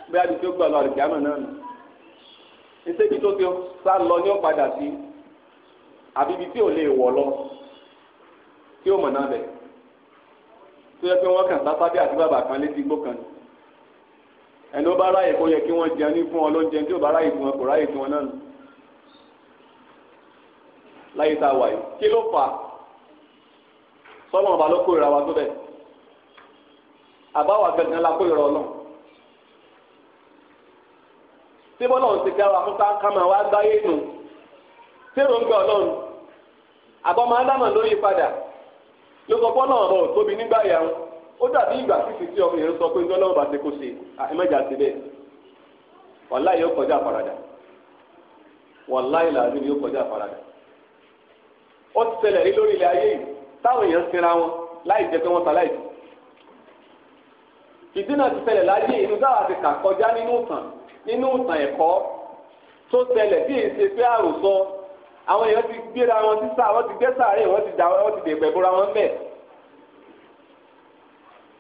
bóyá ibi tó gbà lọ àrùkíámọ̀ náà nù nítorí tó ti sá lọ ní ó padà sí àbí ibi tí ò lè wọ̀ lọ tí ó mọ̀ náà bẹ̀ tó yẹ pé wọ́n kàn sáfá àti bàbà kan létí igbó kan nù ẹni ó bá ráyè kó yẹ kí wọ́n jẹun ní fún ọ lóúnjẹ tí ó bá ráyè fún ọ kò ráyè fún ọ náà láyé tá a wà yìí kí ló fà á sọ́nà ọba ló kórìíra wa tó bẹ̀ àbáwá gangan la kórìíra ọ náà tí bọ́lá òun ti dá wa fún ká máa wá gbáyé nù tí èròǹgbà ọlọ́run àbọ̀ máa ń dáná lórí padà ló sọ fọ́nà ọ̀rọ̀ òtóbi nígbà yà wọn ó dàbí ìgbà fífi tí ọmọ yẹn sọ pé ńjọ́ lọ́wọ́ bá ti kó ṣe àìmọ́jà ti bẹ́ẹ̀ wàláì yóò kọjá àfaradà wàláì làbí yóò kọjá àfaradà ó ti ṣẹlẹ̀ rí lórí ilẹ̀ ayé yìí táwọn èèyàn sinra wọn láì jẹ́ pé wọ́n ta láì ìdí náà ti ṣẹlẹ̀ láyé inú dáwà ti kà kọjá nínú ìtàn nínú ìtàn ẹ̀kọ́ tó ṣẹlẹ̀ bí èyí pé àròsọ àwọn èèyàn ti gbéra wọn sísá wọn ti gbé sàárè wọn ti dà wọn ti dègbè bóra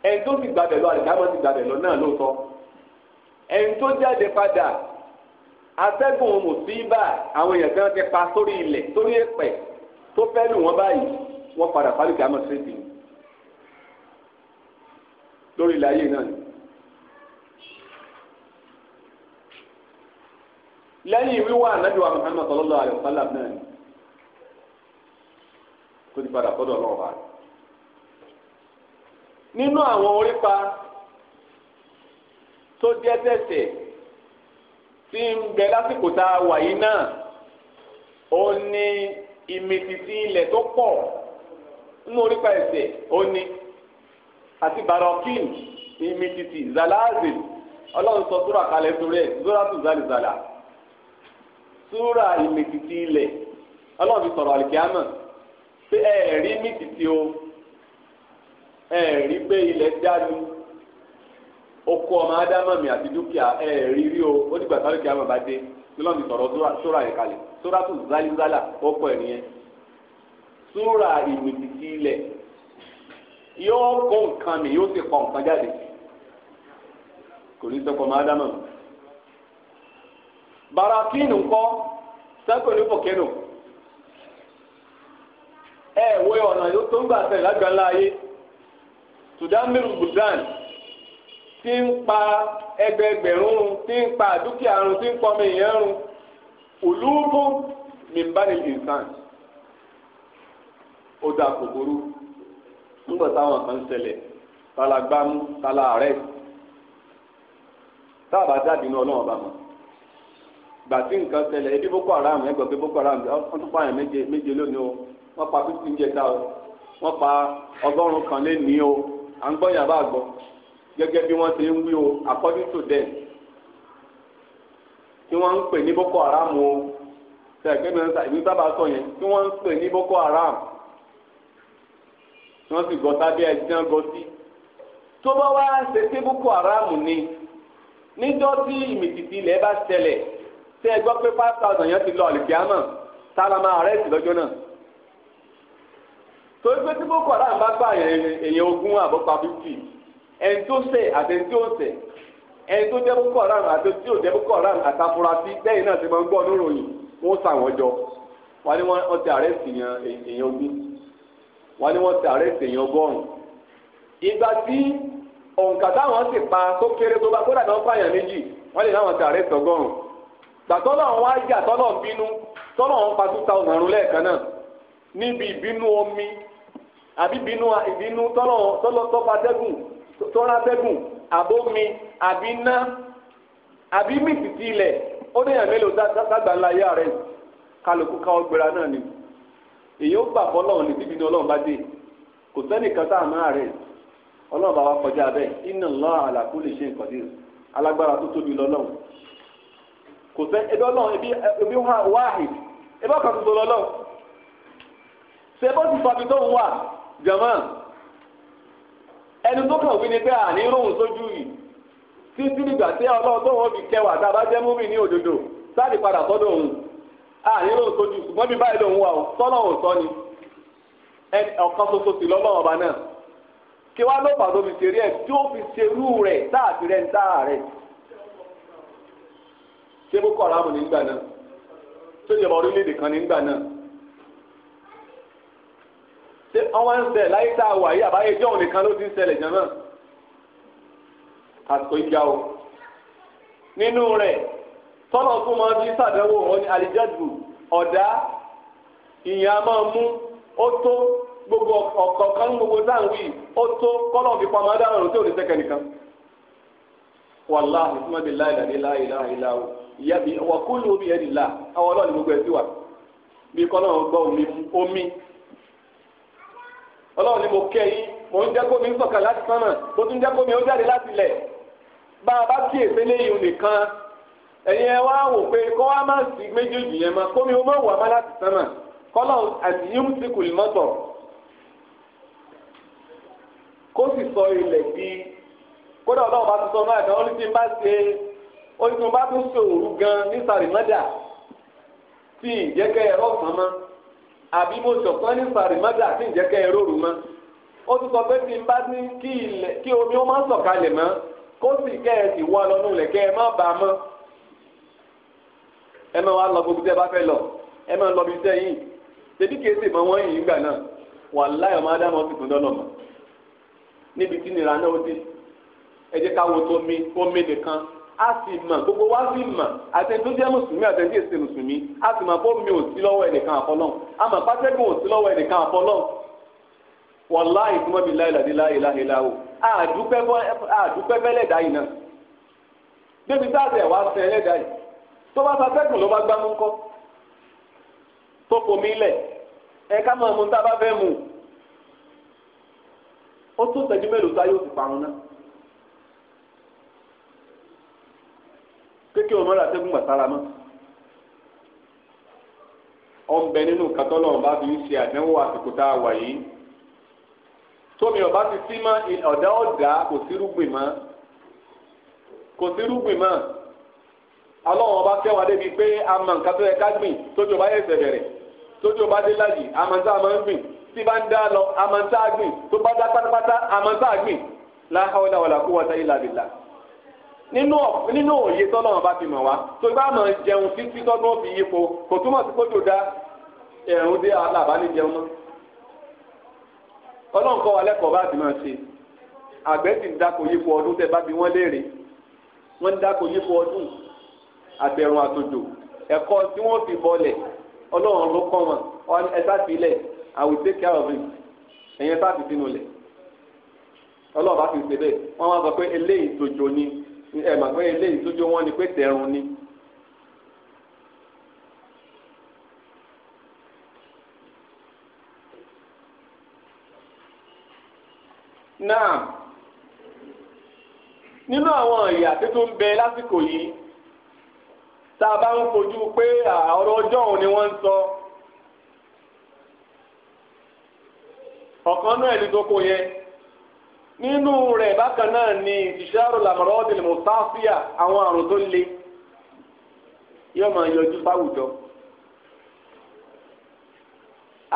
ẹni tó sì gbàbẹ̀ lọ àdìgbàmọ́ sì gbàbẹ̀ lọ náà lóòótọ́ ẹni tó jáde padà atẹ́gùn mùsíbà àwọn èèyàn tí wọ́n ti pa sórí ilẹ̀ sórí èpẹ̀ tó fẹ́ lù wọ́n báyìí wọ́n padà fálùkàmọ́ sí ìdìbò lórí ilẹ̀ ayé náà ni. lẹ́yìn wíwá ànábì wa Muhammad sallallahu alaihi wasallam náà ni kó ti padà sọ́dọ̀ ọlọ́ọ̀bá rẹ̀. nínú àwọn orípa tó jẹ́ tí ń bẹ lásìkò tá a wà yìí náà ó ní ìmìtìtì ilẹ̀ tó pọ̀ nínú orípa ẹ̀sẹ̀ ó ní àti barokin ìmìtìtì sọ súrà kalẹ̀ torí ẹ̀ zali zala súrà ìmìtìtì fi pé mìtìtì o. ẹ̀ẹ̀rí pé ilẹ̀ dánu oko ọmọ ádámọ̀mì àti dúkìá ẹ̀ẹ̀rí rí o ó dìgbà sáré kí a máa bá dé lọ́nà ìsọ̀rọ̀ sóra yẹn kalẹ̀ sóra tó zálízálà ó pọ̀ ẹ̀nìyẹn sóra ìmìtìtì ilẹ̀ yóò kó nǹkan mi yóò sì pọ̀ nǹkan jáde kò ní sọ́kọ̀ ọmọ ní ọ̀nà sudamiru budan ti ń pa ẹgbẹgbẹ̀rún ti ń pa dúkìá run ti ń pọmọ èèyàn run olúbó mìbánil ìsàn ó dà kòkòrò nígbà táwọn kan ṣẹlẹ̀ tala gbámú tala ààrẹ táàbà jáde ní ọlọ́run ọba mọ́ gbàtí nǹkan ṣẹlẹ̀ ebi boko haram ẹgbẹ́ pé boko haram wọ́n tún pa àyàn méje méje lónìí o wọ́n pa fifteen jẹta o wọ́n pa ọgọ́rùn-ún kan lé ní o à ń gbọ́ yàn bá gbọ́ gẹ́gẹ́ bí wọ́n ṣe ń wí o according to them tí wọ́n ń pè ní Boko Haram o sẹ́ẹ̀kẹ́ mi ìlú sábà sọ yẹn tí wọ́n ń pè ní Boko Haram tí wọ́n sì gbọ́ sábẹ́ ẹ̀jẹ̀ gbọ́ sí tó bá wá ṣe sí Boko Haram ni níjọ́ tí ìmìtìtì ilẹ̀ bá ṣẹlẹ̀ tẹ́ ẹ gbọ́ pé five thousand yẹn ti lọ àlùkìá náà sálámà arrest lọ́jọ́ náà. torí pé tí boko haram bá ogun ẹni tó ṣe àtẹni tí ó ṣe ẹni tó jẹ́ boko haram àti tí jẹ́ boko haram àtàfurasí lẹ́yìn náà ti máa ń gbọ́ níròyìn wọ́n jọ wọ́n ní wọ́n ti àrẹ́sì wọ́n wọ́n ti ọgọ́rùn-ún pa tó kéré tó bá ọkọ méjì wọ́n lè láwọn ti ọgọ́rùn-ún àbí bínú ìbínú tọ́lọ̀ tọ́fàtẹ́gùn àbómi àbí ná àbí mìtìtì ilẹ̀ ó ní ẹ̀mí ló ságbà ńlá kálukú káwọn gbéra náà ni èyí ó gbà fọlọ́run ní bíbí ni ọlọ́run bá dé kò sẹ́nìkan tá a máa rẹ̀ ọlọ́run bá wa kọjá bẹ́ẹ̀ inna Allah ala kulli alágbára tó tóbi lọ́lọ́run kò sẹ́ ebi ọlọ́run ebi ebi ọkàn tuntun lọ́lọ́run ṣe bó ti jama ẹni tó kàn wí ni pé àní rohùn sójú yìí tí nígbà tí ọlọ́run fi kẹwàá tá a bá ní òdodo sáàdì padà sọ́dọ̀ òun àní sójú ṣùgbọ́n bí báyìí lòun wà ó sọ́nà ni ọ̀kan ọba náà kí wàá ló fi fi ń ṣé bó kọ̀ nígbà náà kan nígbà náà. ṣé ọmọ ń ṣẹ láyé tá a wà yìí àbáyé jọ́hùn nìkan ló ti ń ṣẹlẹ̀ jẹ́ náà àsìkò ìjà o nínú rẹ̀ tọ́nà fún ọmọ bíi sàdánwò wọn ni àlìjẹ́dù ọ̀dá ìyẹn a máa mú ó tó gbogbo ọ̀kọ̀ọ̀kan gbogbo dáhùn yìí ó tó kọ́nà fi pamọ́ dáhùn rẹ̀ tí ò ní sẹ́kẹ̀ nìkan wàláhì tí wọ́n di láì dàdé láì láì láì ìyá mi wọ́n kú ní omi yẹn di là àwọn ọlọ́ọ̀ni gbogbo ẹ̀ sí wa bí kọ́nà gbọ́ omi ọlọ́run ni mo kẹ́ yín mò ń jẹ́ kó mi ń sọ̀kà láti sánmà mo tún jẹ́ kó mi ó jáde láti ilẹ̀ bá a bá kí èsè léyìn nìkan ẹ̀yin ẹ wá wò pé kọ́ wá má sí méjèèjì yẹn mọ́ kó mi ó má wà má láti sánmà kọ́lọ̀ àti yíyún ti kù mọ́tọ̀ kó sì sọ ilẹ̀ di kódà ọlọ́run bá tún sọ náà kan ó ní tí n bá ṣe ó ní tí n bá tún ṣòwò gan nísàlẹ̀ mọ́dà tí ì jẹ́ kẹ́ ẹ àbí mo sọ̀kan ní fàrímọ́gà tí ǹjẹ́ kẹ́ ẹ róòrù mọ́ ó ti sọ pé tí n bá ní kí ilẹ̀ kí omi ó má sọ̀kalẹ̀ mọ́ kó sì kẹ́ ẹ sì wọ lọ́nù ilẹ̀ kẹ́ ẹ má bàa mọ́ ẹ máa wá lọ gbogbo tẹ́ ẹ bá fẹ́ lọ ẹ máa lọ bí sẹ́yìn tẹ̀bí kìí sèmọ́ wọ́n yìí gbà náà wàláhì ọmọ adámọ́ ti tún dọ́nà mọ́ níbi tí nira náà ó dé ẹ jẹ́ ká wo tó mi ó mi nìkan a sì mọ̀ gbogbo wa sì mọ̀ àtẹ̀tún jẹ́ mùsùlùmí àtẹ̀tún èsè mùsùlùmí a sì mọ̀ fóònù mi ò sí lọ́wọ́ ẹnìkan àfọlọ́n a mọ̀ pátẹ́gùn ò sí lọ́wọ́ ẹnìkan àfọlọ́n wàláhì tí wọ́n bí láyé làdí láyé láyé láwò àdúpẹ́ fẹ́ lẹ́dàá yìí náà débi táàbẹ̀ wá sẹ́ ẹlẹ́dàá yìí tó bá pátẹ́gùn ló bá gbá mú kọ́ tó pomi lẹ̀ ẹ ká mọ̀ mu tá a bá fẹ́ mu ó tún tẹ̀jú mélòó kí ọmọ rà sẹ́gun gbàsára mọ́ ọ̀nbẹ nínú katọ́lọ̀ ọba fi ń ṣe àdánwò àsìkò tá a wà yìí tómi ọba ti sí mọ́ ọ̀dá ọ̀dá kò sí rúgbìn mọ́ kò sí rúgbìn mọ́ ọlọ́run ọba fẹ́ wa débi pé a mọ nǹkan tó yẹ ká gbìn tójú ọba yẹ ẹsẹ̀ bẹ̀rẹ̀ tójú ọba dé láyì àmọ́tá a máa ń gbìn tí bá ń dá lọ àmọ́tá a gbìn tó bá dá pátápátá àmọ́tá a gbìn la hawla wala quwwata illa nínú nínú òye tọ́lọ́wọ́n bá fi mọ̀ wá tó bá mọ̀ jẹun títí tọ́dún fi yípo kò túmọ̀ sí kójú da ẹ̀rùn dé àlàbá ní jẹun mọ́ ọlọ́run kọ́ wa lẹ́kọ̀ọ́ bá ti máa ṣe àgbẹ̀ sì ń dáko yípo ọdún tẹ́ bá bí wọ́n léèrè wọ́n ń dáko yípo ọdún àtẹ̀rùn àtòjò ẹ̀kọ́ tí wọ́n fi bọlẹ̀ ọlọ́run ló kọ́ wọn ẹ sáfilẹ̀ I will take care of it ẹ̀yẹn sáfi sínú lẹ̀ ọlọ́run bá fi ṣe bẹ́ẹ̀ wọ́n wá sọ pé eléyìí tòjò ni ẹ mà pé eléyìí tó jó wọn ni pé tẹrun ni. náà nínú àwọn ìyà tó tún bẹ lásìkò yìí tá a bá ń fojú pé ọ̀rọ̀ ọjọ́ òun ni wọ́n ń sọ ọ̀kan náà ẹni tó kó yẹn. nínú rẹ̀ bákan náà ni ìṣàrò làmọ́rọ́ ọ̀dẹ̀lẹ̀ mọ̀sáfíà àwọn àrùn tó le yóò máa yọjú fáwùjọ.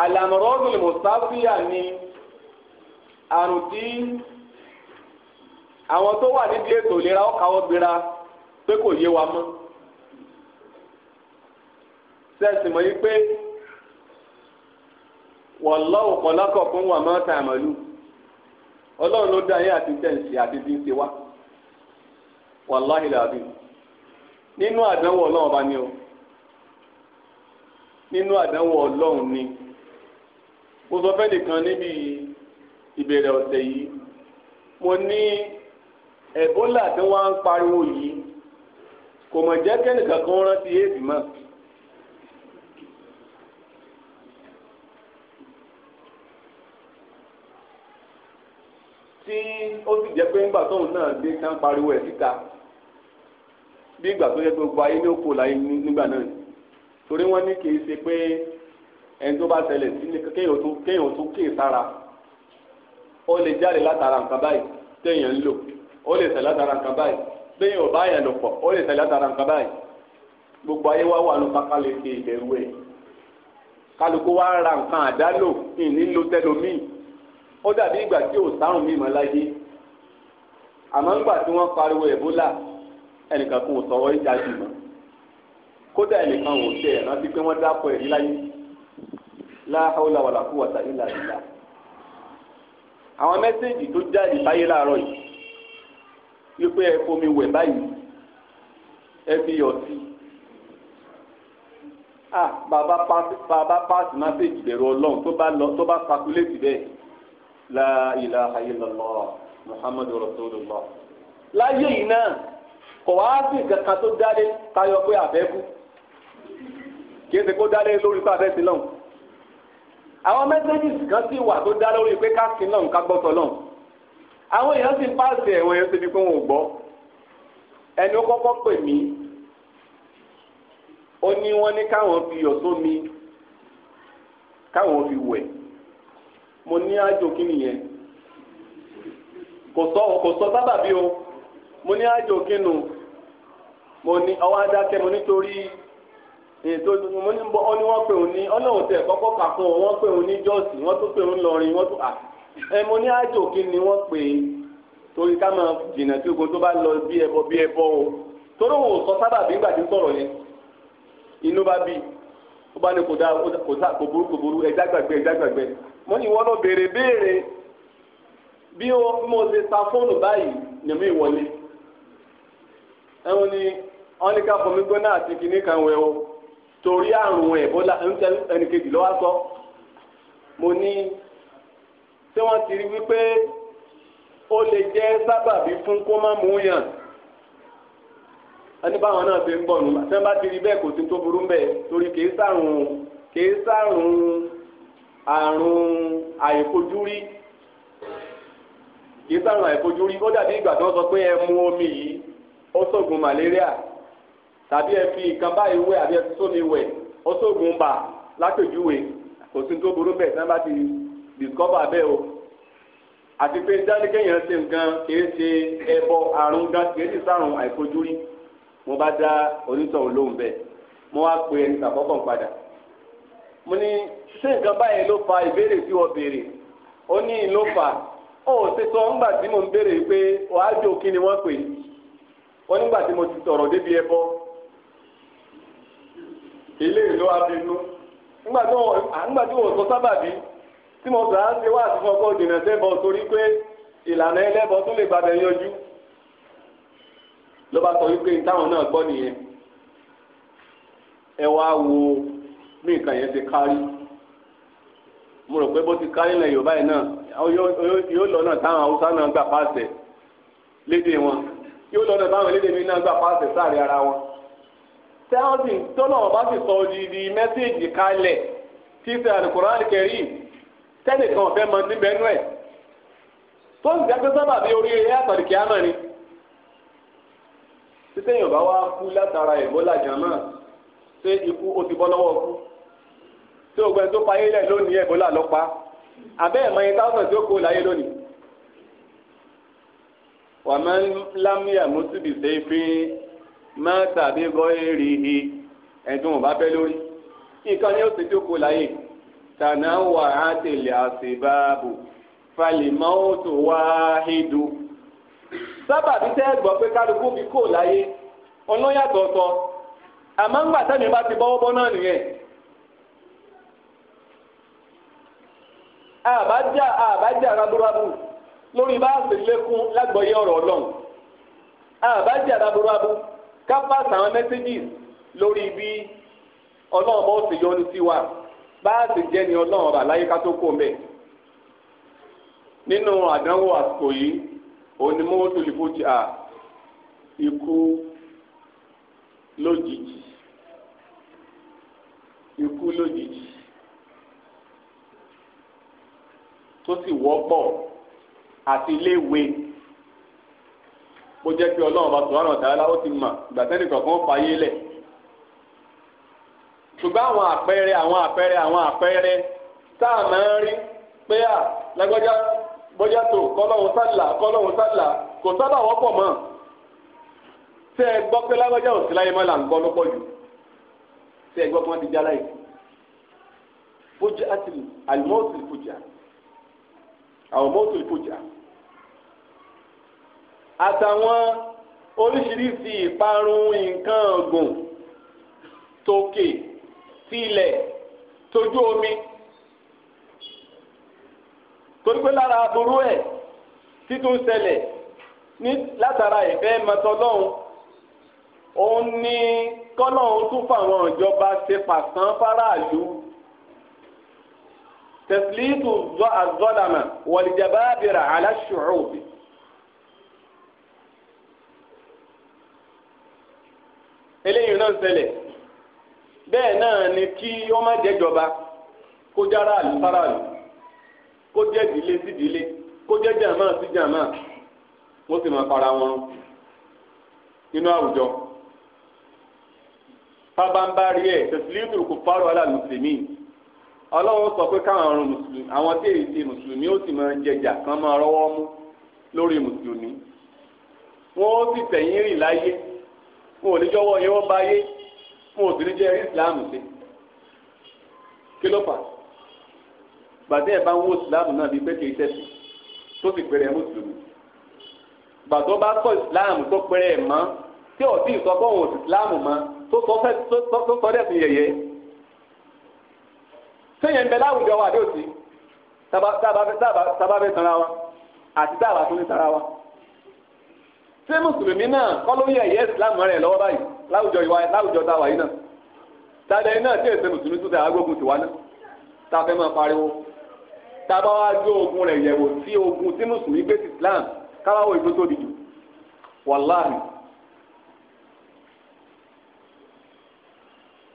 àlàmọ́rọ́ ọ̀dẹ̀lẹ̀ mọ̀sáfíà ni àrùn tí àwọn tó wà nídìí ètò ìlera ọ̀káwọ́ gbéra pé kò yé wa mọ́. sẹ́ẹ̀sì mọ̀ yí pé wallahu khalaqakum wa ma ta'malun ọlọ́run ló dá ayé àti tẹ̀sí àti bí ń ṣe wá wàláhì làbí nínú àdánwò ọlọ́run bá ní o nínú àdánwò ọlọ́run ni mo sọ fẹ́ nìkan níbi ìbẹ̀rẹ̀ ọ̀sẹ̀ yìí mo ní ẹ̀bólà tí wọ́n á ń pariwo yìí kò mọ̀ jẹ́ kẹ́nìkan kan rántí éèdì mọ́. tí ó sì jẹ́ pé ńgbà tóun náà dé tán pariwo ẹ̀ síta bí ìgbà tó yẹ gbogbo ayé ní òkò láyé nígbà náà torí wọ́n ní kì í ṣe pé ẹni tó bá ṣẹlẹ̀ sí ni kéèyàn tó kéèyàn tó kéè sára ó lè jáde látara nǹkan báyìí téèyàn ń lò ó lè látara nǹkan báyìí téèyàn gbogbo ayé wá wà ló lè ṣe ìbẹ̀rù ẹ̀ kálukú wá ra nǹkan àdálò ó dàbí ìgbà tí ò sárùn mímọ́ láyé àmọ́ ńgbà tí wọ́n pariwo Ebola ẹnìkan kò sọ̀rọ̀ ìjà jù mọ́ kódà ẹnìkan ò tẹ̀ ẹ̀ rántí pé wọ́n dápọ̀ ẹ̀rí láyé la hawla wala quwwata illa billah àwọn mẹ́sẹ̀gì tó jáde fáyé láàárọ̀ yìí wípé ẹ fomi wẹ̀ báyìí ẹ fi ọtí ah bàbá paasi bàbá paasi mẹ́sẹ̀gì bẹ̀rù ọlọ́run tó bá lọ tó bá fakuléètì bẹ́ẹ̀ la ilaha illallah muhammadu rasulullah láyé yìí náà kò wá sí nǹkan kan tó dálé tayọ pé àbẹ́kú kì í ṣe kó dálé lórí pé àbẹ́sí náà àwọn mẹ́sẹ́gì kan sì wà tó dá lórí pé káàkiri náà ká gbọ́tọ̀ náà àwọn èèyàn sì ń pàṣẹ ẹ̀wọ̀n èèyàn síbi pé wọn ò gbọ́ ẹni ó kọ́kọ́ pè mí ó ní wọ́n ní káwọn fi yọ̀ sómi káwọn fi wẹ̀. mo ní àjò kí nìyẹn kò sọ kò sọ bí o mo ní àjò nù mo ní ọwọ́ adákẹ́ mo nítorí ètò mo ní bọ́ ọ ní wọ́n pè òun ní ọlọ́run tẹ̀ kọ́kọ́ kà fún òun wọ́n pè òun ní jọọsì wọn tún pè òun lọ́rin wọn tún à ẹ mo ní àjò kí ni wọ́n pè é torí ká máa jìnnà tí ogun tó bá lọ bí ẹbọ bí ẹbọ o torí òun sọ sábà bí tí ń yẹn inú bá bí ó bá ní kò dáa kò burú kò burú ẹja gbàgbé ẹja gbàgbé mo ní ìwọ ló béèrè béèrè bí mo ṣe ta fóònù báyìí ni mi wọlé ẹ̀wọ̀n ni wọ́n ní ká fọmi gbóná àti kinní kan wẹ̀ o torí àrùn ẹ̀bọ́là ẹnìkejì lọ́wọ́ sọ mo ní tí wọ́n ti rí wípé ó lè jẹ́ sábàbí fún kó má mú yàn ẹni báwọn náà ṣe ń bọ̀ nù tí wọ́n bá ti rí bẹ́ẹ̀ kò tó burú bẹ́ẹ̀ torí kìí sàrùn kìí sàrùn àrùn àìfojúrí kìí sàrùn àìfojúrí ó dàbí ìgbà tí wọ́n sọ pé ẹ mu omi yìí ó ṣògùn malaria tàbí ẹ fi nǹkan báyìí wẹ̀ àbí ẹ fi sómi wẹ̀ ó ṣògùn bà lápèjúwe kò sí tó burú bẹ́ẹ̀ tí wọ́n bá ti discover bẹ́ẹ̀ o àti pé dáníkẹ́yìn ṣe nǹkan kìí ṣe ẹbọ àrùn gan kìí sì sàrùn àìfojúrí mo bá dá onítọ̀hún lóhùn bẹ́ẹ̀ mo wá pe ẹni tàkọ́kọ̀ padà mo ní ṣé nǹkan báyìí ló fa ìbéèrè tí wọ́n béèrè ó ní ló fà ó ti sọ ńgbà tí mo ń béèrè pé wàájò kí ni wọ́n pè wọ́n nígbà tí mo ti sọ̀rọ̀ débi ẹbọ ilé ìlú abinú ńgbà tí wọ́n sọ sábàbí tí mo sọ á ṣe wá àtúnfọ́ kó dènà sẹ́bọ torí pé ìlànà ẹlẹ́bọ tó lè gbàgbẹ́ yanjú ló bá sọ wípé táwọn náà gbọ́ nìyẹn ẹ wá wo bí nǹkan yẹn ti kárí mo rò pé bó ti kárí ilẹ̀ yorùbá yìí náà yóò lọ́nà táwọn haúsá náà gbà pàṣẹ lédè wọn yóò lọ́nà táwọn lédè mi náà gbà pàṣẹ sáré ara wọn tí wọ́n sì tọ́nà wọn bá sì sọ odidi mẹ́séèjì kalẹ̀ tí sẹ́ àlùkùránì kẹrí tẹ́nìkan ọ̀fẹ́ mọ níbẹ̀ nú ẹ̀ tó ń dẹ́gbẹ́ sábà bí orí ẹ̀ àtọ̀dìkì àmọ́ ni títẹ̀yìn ọ̀bá wa kú látara ìbọ́lá jàmáà ṣé ikú ó ti bọ́ lọ́wọ́ kú tó o gbẹ tó pa ayélẹ̀ lónìí ẹ̀bọ́là lọ́pa abẹ́ ẹ̀mọ yẹn táwọn tó kó láyé lónìí. wàmọ́ lámìyà mùsùlùmí ṣe fi máa tàbí bọ́ èrè ihe ẹ̀dùn ọ̀bá bẹ́ lórí. nǹkan ni ó sì tó kó láyé tànà wà á tẹ̀lé àṣìbáàbò falẹ̀mọ́ tó wá hédo. sábàbí tẹ́ gbọ́ pé kálukú fi kó láyé ọlọ́yàtọ̀ sọ àmọ́ ńgbà sẹ́mi bá ti bọ́wọ́ bọ́ náà nìyẹn. àbájá àbájá raburabu lórí bá a sì lékún lágbọ̀ọ́yé ọ̀rọ̀ ọlọ́run àbájá raburabu ká pàṣẹ àwọn mẹ́sẹ́gìs lórí bí ọlọ́run bá sì yọ́nú sí wa bá a sì jẹ́ ni ọlọ́run ọba láyé ká tó kó mẹ́ nínú àdánwò àsìkò yìí òun ni mọ́wọ́ tó lè fojú à ikú lójijì ikú lójijì tó sì wọ́pọ̀ àti léwe bó jẹ́ pé ọlọ́run bá sọ̀rọ̀ àtàlá ó ti mà ìgbà sẹ́ni kankan fàyè lẹ̀ ṣùgbọ́n àwọn àpẹẹrẹ àwọn àpẹẹrẹ àwọn àpẹẹrẹ tá a máa ń rí pé à lágbájá bójá tó kọ́lọ́hún sálà kọ́lọ́hún sálà kò sábà wọ́pọ̀ mọ́ tẹ́ ẹ gbọ́ pé lágbájá ò sí láyé mọ́ là ń gbọ́ lọ́pọ̀ jù tẹ́ ẹ gbọ́ pé wọ́n ti já láyé fújì àti àlùmọ́ọ̀sì àwọn mọ́tò ìkọjà àtàwọn oríṣiríṣi ìparun nǹkan ọ̀gùn tòkè tilẹ̀ tójú omi torí pé lára aburú ẹ̀ títún ṣẹlẹ̀ ní látara ìfẹ́ mọ́tọ́lọ́hún òun ni kọ́lọ́hún tún fáwọn ìjọba ṣe pàṣán fáráàlú تسليط الظلمة والجبابرة على الشعوب eléyìí náà ṣẹlẹ̀ bẹ́ẹ̀ náà ni kí ó má jẹjọba kó jára àlùfáàlù kó jẹ́ ìdílé sí ìdílé kó jẹ́ jàmá sí jàmá wọ́n sì máa para wọn nínú àwùjọ fábánbárí ẹ̀ tẹ̀sílẹ̀ ìdúró kò fárọ̀ alálùsèmíì ọlọ́run sọ pé káwọn ọ̀run mùsùlùmí àwọn tí èyí ti mùsùlùmí ó sì máa jẹjà kan máa rọ́wọ́ mú lórí mùsùlùmí wọn ó sì tẹ̀yìn rìn láyé wọn ò ní jọ̀wọ́ yẹn wọ́n bá yé wọn ò sì ní jẹ́ ìsìláàmù sí kí ló fà gbàdé ẹ̀ bá ń wo ìsìláàmù náà bíi pé kì í tẹ̀sí tó sì pèrè mùsùlùmí gbàdó bá kọ ìsìláàmù tó pèrè ẹ̀ mọ́ tí ò sì sọ fóun ìsìláàmù mọ́ tó sọ fẹ́ tó sọ sẹ́yìn ń bẹ láwùjọ wa àdó sí sábà fẹ́ sanra wa àti sábà tó ní sanra wa ṣé mùsùlùmí náà kọ́ ló ń yẹ ìyẹ́ ìsìlámù rẹ̀ lọ́wọ́ báyìí láwùjọ ìwà láwùjọ táwa yìí náà tàdé iná tí èsè mùsùlùmí tó tẹ̀ agbógun tiwa náà tá a fẹ́ máa pariwo tá a bá wá gbé ogun rẹ̀ yẹ̀wò sí ogun tí mùsùlùmí gbé ti Islam káwáwó ìgbó tó dìjù wàláhì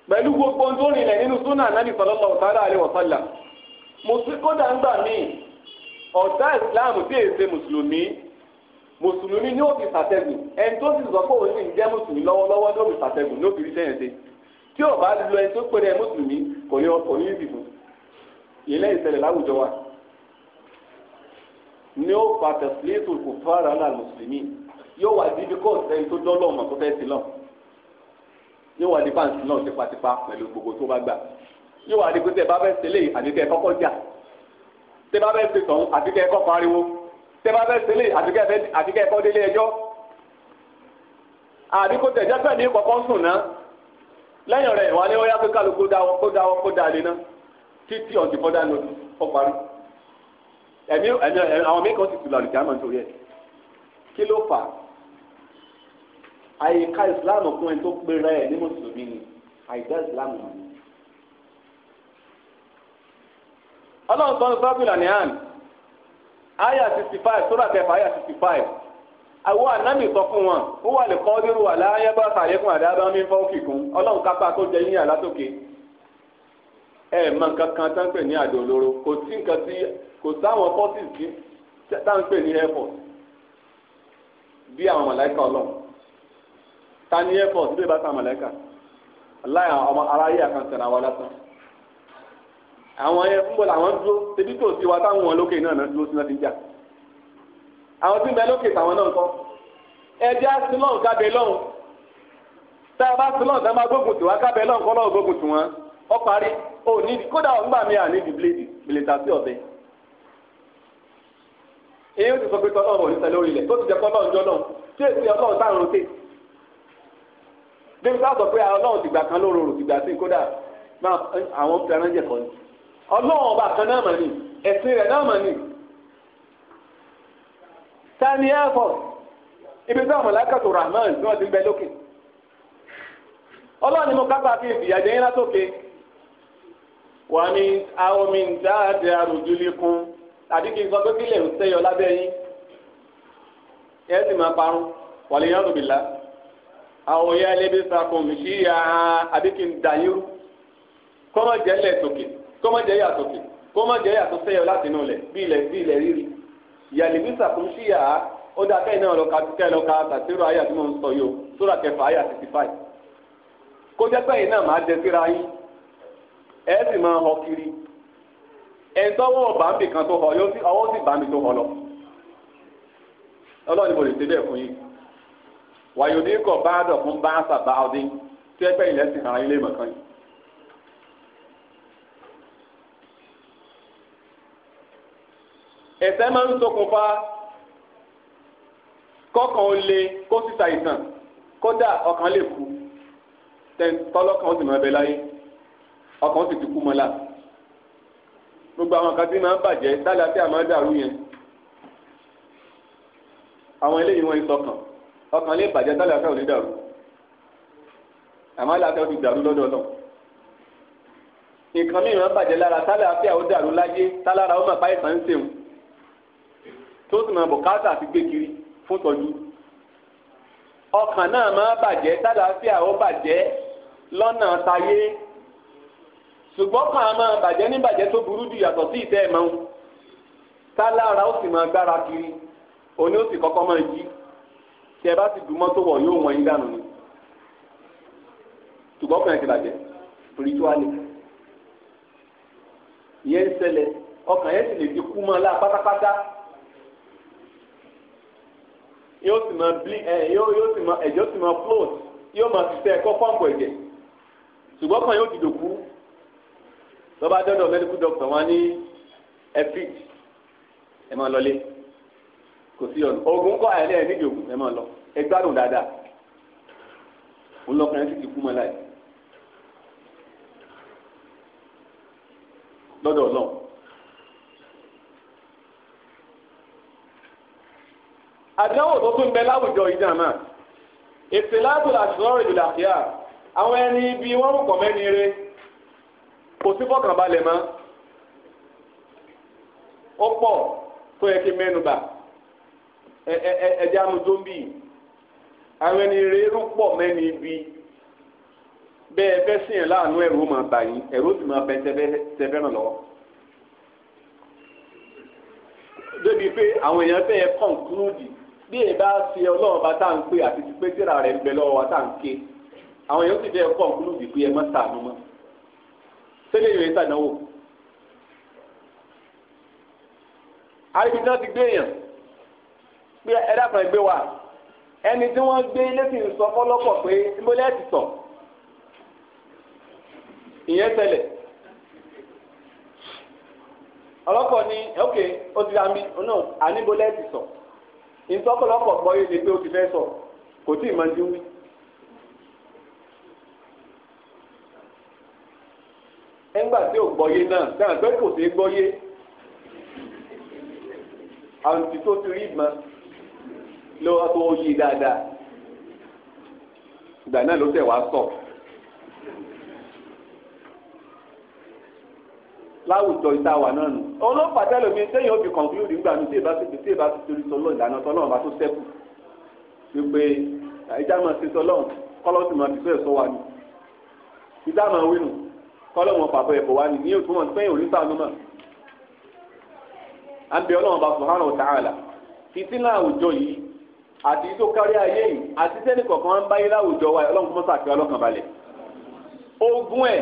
pẹ̀lú gbogbo tó rìnlẹ̀ nínú súnà nàbì sallallahu ta'ala alaihi wa sallam mùsùlùmí kódà ń gbà mí ọ̀tá ìsìláàmù tí èyí ṣe mùsùlùmí mùsùlùmí ní òfin ṣàtẹ̀gùn ẹni tó sì sọ pé òun sì ń jẹ́ mùsùlùmí lọ́wọ́lọ́wọ́ ní òfin ṣàtẹ̀gùn ní òfin ṣẹ́yìn ṣe tí ò bá lo ẹni tó péré mùsùlùmí kò ní ọkọ̀ ní ìdìbò ilé ìṣẹ̀lẹ̀ láwùjọ wa ni ó fa tẹ̀sílẹ̀ tó kò fara ala mùsùlùmí yóò wá dídí kóòtù tó dán lọ́mọ tó fẹ́ sí lọ́mọ yóò wà ní báǹkì náà tipatipa pẹ̀lú gbogbo tó bá gbà yóò wà ní pé tẹ́ bá fẹ́ ṣẹlẹ̀ àdìkẹ́ kọ́kọ́ jà tẹ́ bá fẹ́ ṣe tọ̀hún àdìkẹ́ kọ́ pariwo tẹ́ bá fẹ́ ṣẹlẹ̀ àdìkẹ́ kọ́ délé ẹjọ́ àdìkò tẹ̀jẹ́ pẹ̀ ní kọ̀kọ́ sùn náà lẹ́yìn rẹ̀ wà ní ọ̀yá pé kálukú dáwọ́ kó dáwọ́ kó dáa lé náà títí ọ̀dì fọ́dá ló kọ́ parí ẹ̀mí àwọn mí kan sì tù lálùkì àmọ́ nítorí ẹ̀ kí ló fà á àyíká ìsìláàmù fún ẹni tó pera ẹ̀ ní mùsùlùmí ni àyíká ìsìláàmù ni. ọlọ́run sọ́nù sábìlà ní àn àyà sixty five sórà kẹfà àyà sixty five àwọn ànámì sọ fún wọn ó wà lè kọ́ dírú wà láyé bá sàlékún àdáàbá mi fọ́ kíkún ọlọ́run kápá tó jẹ yín àlátòkè ẹ mọ nǹkan kan tá ń pè ní àdó olóró kò sí nǹkan tí kò sáwọn forces tá ń pè ní air bí àwọn mọ̀láìkà ọlọ́run ta ni airport bí ìbátan mọ̀lẹ́kà aláì ọmọ aráyé àkànṣẹ́ra wa lásán àwọn yẹn fúnbọ̀ làwọn dúró tẹbí tó ti wá táwọn wọn lókè náà náà dúró sí náà jà àwọn tí ń bẹ lókè táwọn náà ń lọ́hùn tá a bá asilọ́hùn tá a máa gbógun lọ́hùn kọ́ lọ́hùn ọ parí ò ní kódà ọ̀gbà mi à ní di bíléèdì sí ọ̀bẹ èyí ó ti sọ pé ò ní tó ti jẹ́ débi bá sọ pé ọlọ́run ti gbà kan lóró rò ti gbà sí kódà àwọn fẹ́ràn jẹ kọ́ ni ọlọ́run ọba kan náà mà ní ẹ̀sìn rẹ̀ náà mà ní. tani airport ibi tí àwọn mọ̀lákàtò rahman ni wọ́n ti ń bẹ lókè ọlọ́run ni mo kápá fi ìfìyà jẹ yín látòkè wàá ní àwọn mi ń dáadé àròjúlékún tàbí kí n sọ pé kílẹ̀ ń sẹ́yọ lábẹ́ yín ẹ̀ sì máa parun wàlẹ̀ yẹn ló bìlá àwọn ya ẹlẹbi sakun sí ya abikin dayiru kọ́mọ jẹ́ lẹ̀ sókè kọ́mọ jẹ́ yà sókè kọ́mọ jẹ́ yà tó sẹ́yọ láti inú lẹ̀ bí ilẹ̀ bí ilẹ̀ rírì yàlẹ́bi sakun sí ya ó dá kẹ́yìn náà lọ́ka kẹ́yìn lọ́ka tàṣírò ayé àti mò ń sọ yìí o sóra kẹfà ayé àti sixty five kó náà máa jẹ síra yín ẹ sì máa họ kiri ẹ̀ńtọ́wọ́ bàmí kan tó họ yóò sí ọwọ́ sì bàmí tó họ lọ ọlọ́ọ̀ni mo lè ṣe bẹ́ẹ̀ fún yín wàyò ní kò bá dọ̀ fún bá sàbá ọdín tí ẹgbẹ́ ilẹ̀ sì hàn ilé mọ̀kàn yìí. ẹ̀ṣẹ̀ máa ń ṣokùnfà kọ́kàn ó lé kó sì ṣàìsàn kódà ọkàn lè kú tọ́lọ́kàn ó sì máa bẹ láyé ọkàn ó sì ti kú mọ́lá gbogbo àwọn kan tí máa ń bàjẹ́ tálàtì àmọ́ dàrú yẹn àwọn eléyìí wọ́n ń sọkàn ọkàn lè bàjẹ́ tálẹ̀ afẹ́ òní dàrú àmọ́ àlàáfẹ́ òní dàrú lọ́dọ̀ náà nǹkan mìíràn bàjẹ́ lára tálẹ̀ afẹ́ àwọn dàrú láyé tálára ọmọ àbáyé sàn ń sèwọ̀n tó sì máa bùkátà àti gbé kiri fún tọ́jú ọkàn náà máa bàjẹ́ tálẹ̀ afẹ́ àwọn bàjẹ́ lọ́nà tayé ṣùgbọ́n kàn á máa bàjẹ́ ní bàjẹ́ tó burú jù yàtọ̀ sí ìtẹ́ ẹ̀ mọ́ tálára ó sì máa gbára kiri òní ó sì kọ́kọ́ máa yí tí ẹ bá ti dùn mọ́tò wọ̀ yóò wọ́n yín dànù ni ṣùgbọ́n ọkùnrin ti bàjẹ́ spiritually ìyẹn ń ṣẹlẹ̀ ọkàn yẹn sì lè di kú mọ́ láà pátápátá yóò sì máa bli ẹ yóò yóò sì máa ẹ̀jẹ̀ yóò sì máa float yóò máa fi sẹ́ ẹ̀kọ́ pọ́ǹpù ẹ̀jẹ̀ ṣùgbọ́n ọkàn yóò ti dòkú lọ́ba dọ́dọ̀ medical doctor wọn ní epic ẹ̀ máa lọlé kò sí ọ̀nà ogun kọ́ àyẹ̀lẹ́ ẹ̀ nídìí ogun ẹ̀ máa lọ ẹ gbádùn dáadáa òun lọkùnrin sì ti kú mọ́ láì lọ́dọ̀ ọlọ́run. àdánwò tó tún bẹ láwùjọ ìjàmà ètè látò àṣìlọ́rọ̀ ìlú làkíyà àwọn ẹni ibi wọ́n rò pọ̀ mẹ́ni rẹ kò sí fọkànbalẹ̀ mọ́ ó pọ̀ tó yẹ kí mẹ́nu bà. ẹjẹ amúdóńbì àwọn ẹni rere pọ̀ mẹ́ni ibi bẹ́ẹ̀ láàánú ẹ̀rù máa bà yín ẹ̀rù sì máa bẹ tẹ́fẹ́ ràn lọ́wọ́. débi pé àwọn èèyàn fẹ́ kọ̀ǹkúrúdì bí èyí bá ṣe ọlọ́run bá tá à ń pè àti ti pé tíra rẹ̀ ń bẹ lọ́wọ́ wa tá à ń ké àwọn èèyàn sì kọ̀ǹkúrúdì pé ẹ̀dá kan gbé wa ẹni tí wọ́n gbé lẹ́sìn sọ fọ́lọ́pọ̀ pé ìmọ̀lẹ́ ti sọ ìyẹn ṣẹlẹ̀ ọlọ́pọ̀ ni ok ó ti ra mi náà àníbọ̀lẹ́ ti sọ ìtọ́kọ̀lọ́pọ̀ gbọ́ yé ni pé ó ti fẹ́ sọ kò tí ì máa dín wí. nígbà tí ò gbọ́yé náà dáhùn pé kò sí gbọ́yé àwọn tí tó ti rí ìgbọ́n ló wá tó yí dáadáa ìgbà náà ló tẹ̀ wá sọ. láwùjọ ìtawà náà nù ọlọ́pàá tẹ́lẹ̀ mi sẹ́yìn ó fi kọ̀ǹpútì nígbà mi tí èbá ti tí èbá ti torí sọlọ́ ìlànà tọ́lọ́run bá tó sẹ́kù wípé ìjà máa ti sọlọ́run kọ́lọ́sì máa ti fẹ́ sọ wa ni ìjà máa wí nù kọ́lọ́mọ pàpọ̀ ẹ̀bọ̀ wa ni ní ìtumọ̀ sẹ́yìn ò ní sàánú mọ́ àbí ọlọ́run bá subhanahu wa ta'ala fìtínà àwùjọ yìí àti tó kárí ayé yìí àti sẹ́ni kọ̀ọ̀kan máa ń báyé láwùjọ wa ọlọ́run kọ́ sàkẹ́ ọlọ́kàn balẹ̀ ogun ẹ̀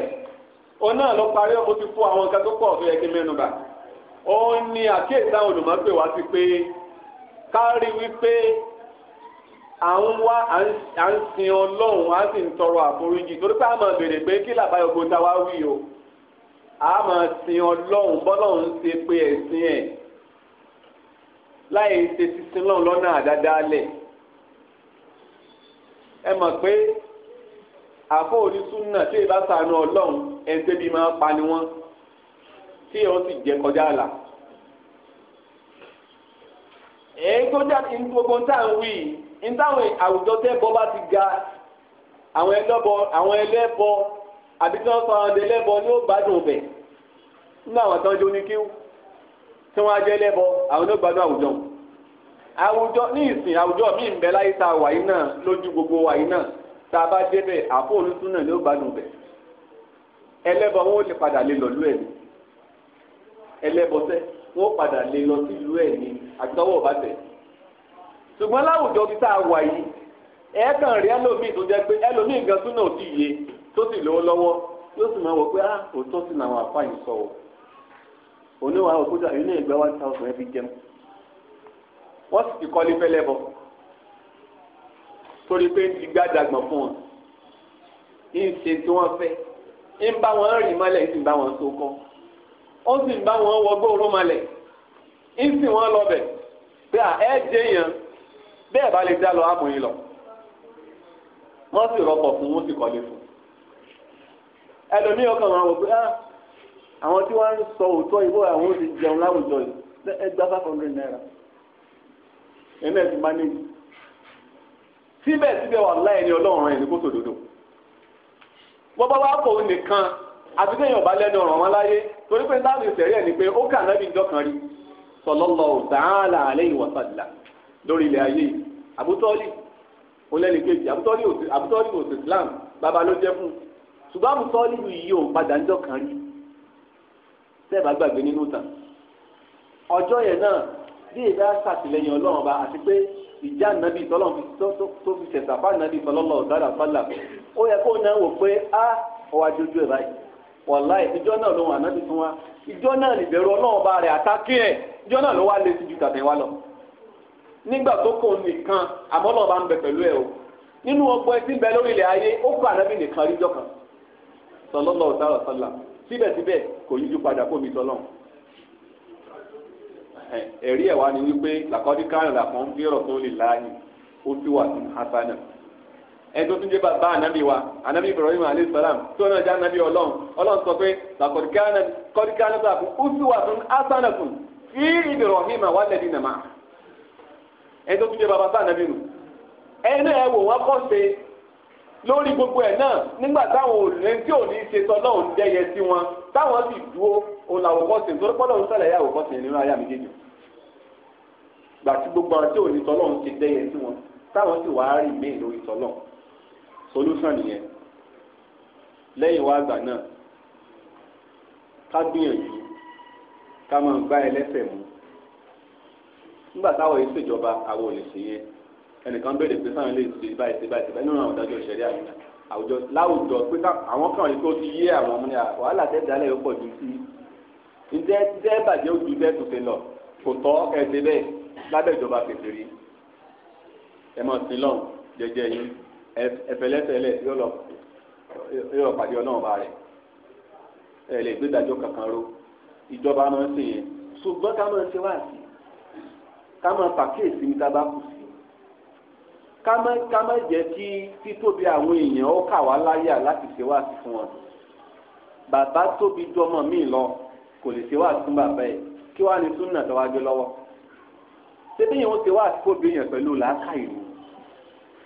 òun náà lọ parí ó ti fún àwọn nǹkan tó pọ̀ tó yẹ kí mẹ́nu bà ó ní àkíyèsí àwọn olùmọ̀pè wá sí pé kárí wípé à ń wá à ń sin ọlọ́run à sì ń tọrọ àforíjì torí pé a máa béèrè pé kí làbáyọ gbọ́dá wá wí o a máa sin ọlọ́run bọ́lọ́run ṣe pé ẹ̀sìn ẹ̀ láì ṣe sísin náà lọ́nà àdádálẹ̀ ẹ mọ̀ pé àfọ onísùn náà tí ìbá sànù ọlọ́run ẹ̀ńtẹ́ bíi máa pa ni wọ́n tí ó sì jẹ kọjá àlà. èyí tó já ní gbogbo ń táwọn wí ń táwọn àwùjọ tẹ́ bọ́ bá ti ga àwọn ẹlẹ́bọ àwọn ẹlẹ́bọ àbí tí wọ́n sọ àwọn ẹlẹ́bọ ni ó bá dùn bẹ̀ nínú àwọn àtọ́jú oníkíw. tí wọ́n á jẹ́ lẹ́bọ àwọn onígbàdùn àwùjọ àwùjọ ní ìsìn àwùjọ mí ń láyé tá a wà náà lójú gbogbo wà náà tá a bá débẹ̀ àfóònù tún náà gbádùn bẹ̀ ẹlẹ́bọ wọn ò lè padà lè lọ lú wọn ò padà lè lọ sí àtọwọ́ bá tẹ̀ ṣùgbọ́n láwùjọ tá a wà pé ẹlòmíì gan tún náà yé tó sì lówó lọ́wọ́ wọ pé ah òótọ́ sí làwọn oníwàá òkúta yìí ní ìgbà one thousand ẹbí jẹun wọ́n sì ti kọ́lé fẹ́lẹ́ bọ̀ torí pé ń ti gbàdàgbọ̀n fún wọn ń ṣe tí wọ́n fẹ́ ń bá wọn rìn mọ́lẹ̀ ń sì bá wọn so kọ́ ó sì ń bá wọn wọ gbóòórùn mọ́lẹ̀ ń sì wọ́n lọ bẹ̀ pé à ẹ́ jẹ́ yẹn bẹ́ẹ̀ bá lè dá lọ àmọ́ yìí lọ wọ́n sì rọpò fún wọ́n sì kọ́lé fún ẹlòmíràn kan wọn wò pé ah àwọn tí wọ́n ń sọ òótọ́ ìwọ àwọn ò ti jẹun láwùjọ yìí ẹgbẹ́ five hundred naira ẹ̀mí ẹ̀ ti manage síbẹ̀síbẹ̀ wà láì ní ọlọ́run ẹ̀ ní kó sòdodo bọ́bá wa kò nìkan àti kéèyàn ọba lẹ́nu ọ̀ràn wọn láyé torí pé táwọn ìṣẹ̀rí ẹ̀ ni pé ó kà nábì dọ́kan rí sallallahu ta'ala alayhi wa sallam lórí ilẹ̀ ayé yìí àbútọ́lì olẹ́ni kejì àbútọ́lì òsè islam bàbá ló jẹ́ fún ṣùgbọ́n àbútọ́lì yìí yóò padà ń dọ́kan rí tẹ́ẹ̀bá gbàgbé nínú tàn ọjọ́ yẹn náà bí ìdá sàtìlẹ́yìn ọlọ́run bá àti pé ìjà nàbì tọ́lọ́run tó fi ṣẹ̀ṣà fáà nàbì tọ́lọ́lọ́ ọ̀dàdà fálà ó yẹ kó náà wò pé a, ọwọ́ adójú ẹ̀ báyìí wàláì ìjọ náà ló wà nàbì fún wa ìjọ náà lìbẹ̀rù ọlọ́run bá rẹ̀ àtàkì ẹ̀ ìjọ náà ló wá lé síbi tàbẹ̀ wa lọ. nígbà tó kò nìkan àmọ́ náà bá ń bẹ pẹ̀lú ẹ̀ o nínú ọgbọ́n ẹ síbẹ̀síbẹ̀ kò yíjú padà kó mi tọ́lọ́ ẹ̀rí ẹ̀ wá ni wípé làkọ́dí kárìnlá kan bí ọ̀rọ̀ tó lè láàyè ó ti wà sínú hasana ẹni tó tún jẹ́ bàbá ànábì wa ànábì Ibrahim alayhi salam tó náà jẹ́ ànábì ọlọ́run ọlọ́run sọ pé làkọ́dí kárìnlá kan ó ti wà sínú hasana fún fi Ibrahim wà lẹ́dí nàmá ẹni tó tún jẹ́ bàbá sáà ànábì nù ẹni náà ẹ wò wọ́n kọ́ ṣe lórí gbogbo ẹ̀ náà nígbà táwọn olùrẹ́ tí ò ní ṣe tọ́lọ́hún dẹ́yẹ sí wọn táwọn sì dúró òun làwòkọ́sìn torí pọ́lọ́hún sàlàyé àwòkọ́sìn nínú ayé mi jẹjọ. gbà tí gbogbo àwọn tí ò ní tọ́lọ́hún ṣe dẹ́yẹ sí wọn táwọn sì wá rí mí lórí tọ́lọ́hún. solution nìyẹn lẹ́yìn wá àgbà náà ká gbìyànjú ká máa gbá ẹlẹ́sẹ̀ mú nígbà táwọn yìí ṣèjọba àwọn ò lè ṣe yẹn ẹnìkan béèrè pé sáwọn ilé ìṣe báyìí ṣe báyìí ṣe báyìí nínú àwọn ìdájọ́ ìṣẹ̀lẹ̀ àwùjọ láwùjọ pé àwọn kan yìí tó ti yé àwọn ọmọ ní wàhálà tẹ́ dálẹ̀ yóò pọ̀ ju sí i ǹjẹ́ ǹjẹ́ bàjẹ́ ojú bẹ́ẹ̀ tó ṣe lọ kò tọ́ ẹ̀ṣẹ̀ bẹ́ẹ̀ lábẹ́ ìjọba kékeré ẹ mọ̀ sí lọ́n jẹjẹ yín ẹ̀fẹ̀lẹ́fẹ̀lẹ́ yóò lọ pàdé ọlọ́run bá rẹ̀ ẹ lè gbé ìdájọ́ kankan ró ìjọba máa ń ṣe yẹn ṣùgbọ́n ká máa ṣe wáàsí ká máa pàkíyèsí ní tábàkù sí Kama má ká má jẹ́ kí títóbi àwọn èèyàn ó kà wá láyà láti ṣe wá sí fún wọn bàbá tóbi ju ọmọ mi lọ kò lè ṣe wá sí fún bàbá yìí kí wàá ní súnà tó wá gbé lọ́wọ́ síbí yẹn ó ṣe wá sí fóbi èèyàn pẹ̀lú làákà ìlú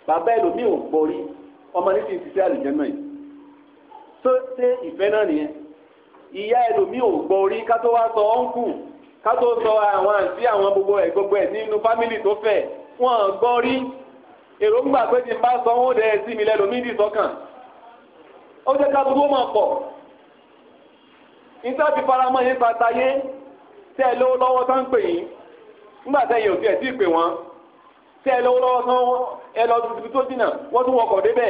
bàbá ẹlòmíì ò borí ọmọ ní ti ń ṣiṣẹ́ àlùjẹ́mọ̀ yìí tó ṣe ìfẹ́ náà nìyẹn ìyá ẹlòmíì ò borí ká tó sọ ọ́nkù ká sọ àwọn àti àwọn gbogbo ẹ̀ gbogbo ẹ̀ nínú fámìlì tó fẹ̀ wọ́n gbọ́ rí èròǹgbà pé ti bá sọ wọn ó dẹ sí mi lẹ́nu mí ní ìsọkàn ó jẹ́ ká burú mọ̀ pọ̀ níta fi faramọ́ yín pàtàyé tẹ́ ẹ lówó lọ́wọ́ tán pè yín nígbà pè ẹ lówó tán ẹ lọ tuntun tó tún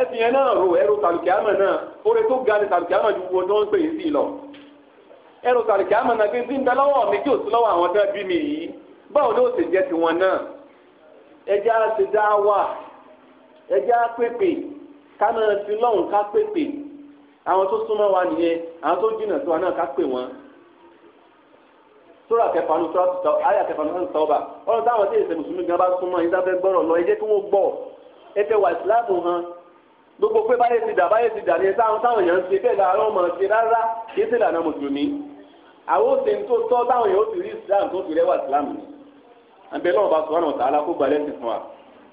ẹsìn yẹn náà ro ẹrù náà oore tó ga ni ju tó ń pè sí lọ ẹrù náà kí n ti ń ẹjẹ́ á ti dá wà ẹjẹ́ á pèpè ká máa ti lọ́hùn ká pèpè àwọn tó súnmọ́ wa nìyẹn àwọn tó jìnnà sí wa náà ká pè wọ́n sórí àkẹfàánú sórí àtúntà ayé àkẹfàánú sórí àtúntà ọ̀rọ̀ táwọn tí èsè mùsùlùmí gan bá súnmọ́ yín sáfẹ́ gbọ́rọ̀ lọ ẹjẹ́ kí wọ́n gbọ́ ẹ fẹ́ wà ìsìláàmù hàn gbogbo pé báyé ti dà báyé ti dà ní ẹ táwọn èèyàn ń ṣe bẹ́ẹ̀ làárọ̀ mọ̀ ṣe rárá kì í lànà mùsùlùmí àwọn òsè tọ́ táwọn èèyàn ó sì rí ìsìláàmù tó fi rẹ́wà ìsìláàmù ni àbẹ lọ́wọ́ bá sọ̀rọ̀ ọ̀tá alákógbà lẹ́sìn fún wa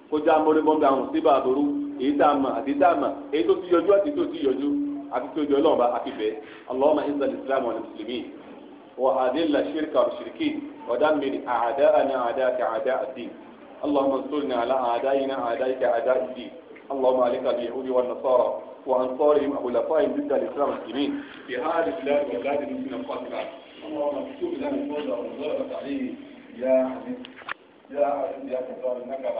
kó já mọ́lẹ́bọ́ngbà àwọn síbà àbúrú èyí tá a mọ̀ àti tá a mọ̀ èyí tó ti yọjú àti tó ti yọjú àti tó jọ lọ́wọ́ bá àti bẹ́ẹ̀ Allahumma izza al-islam wal muslimin wa adilla shirka wal shirkin wa dammir a'da'ana a'da'aka a'da'ad-din Allahumma ansurna ala a'da'ina a'da'ika a'da'id-din Allahumma alika bil-yahudi wan-nasara وأنصارهم وخلفائهم ضد الإسلام المسلمين في هذه البلاد وبلاد المسلمين القاتلة اللهم اكتب لنا الفوز والغلبة عليه يا حبيب يا حبيب يا كتاب النكبة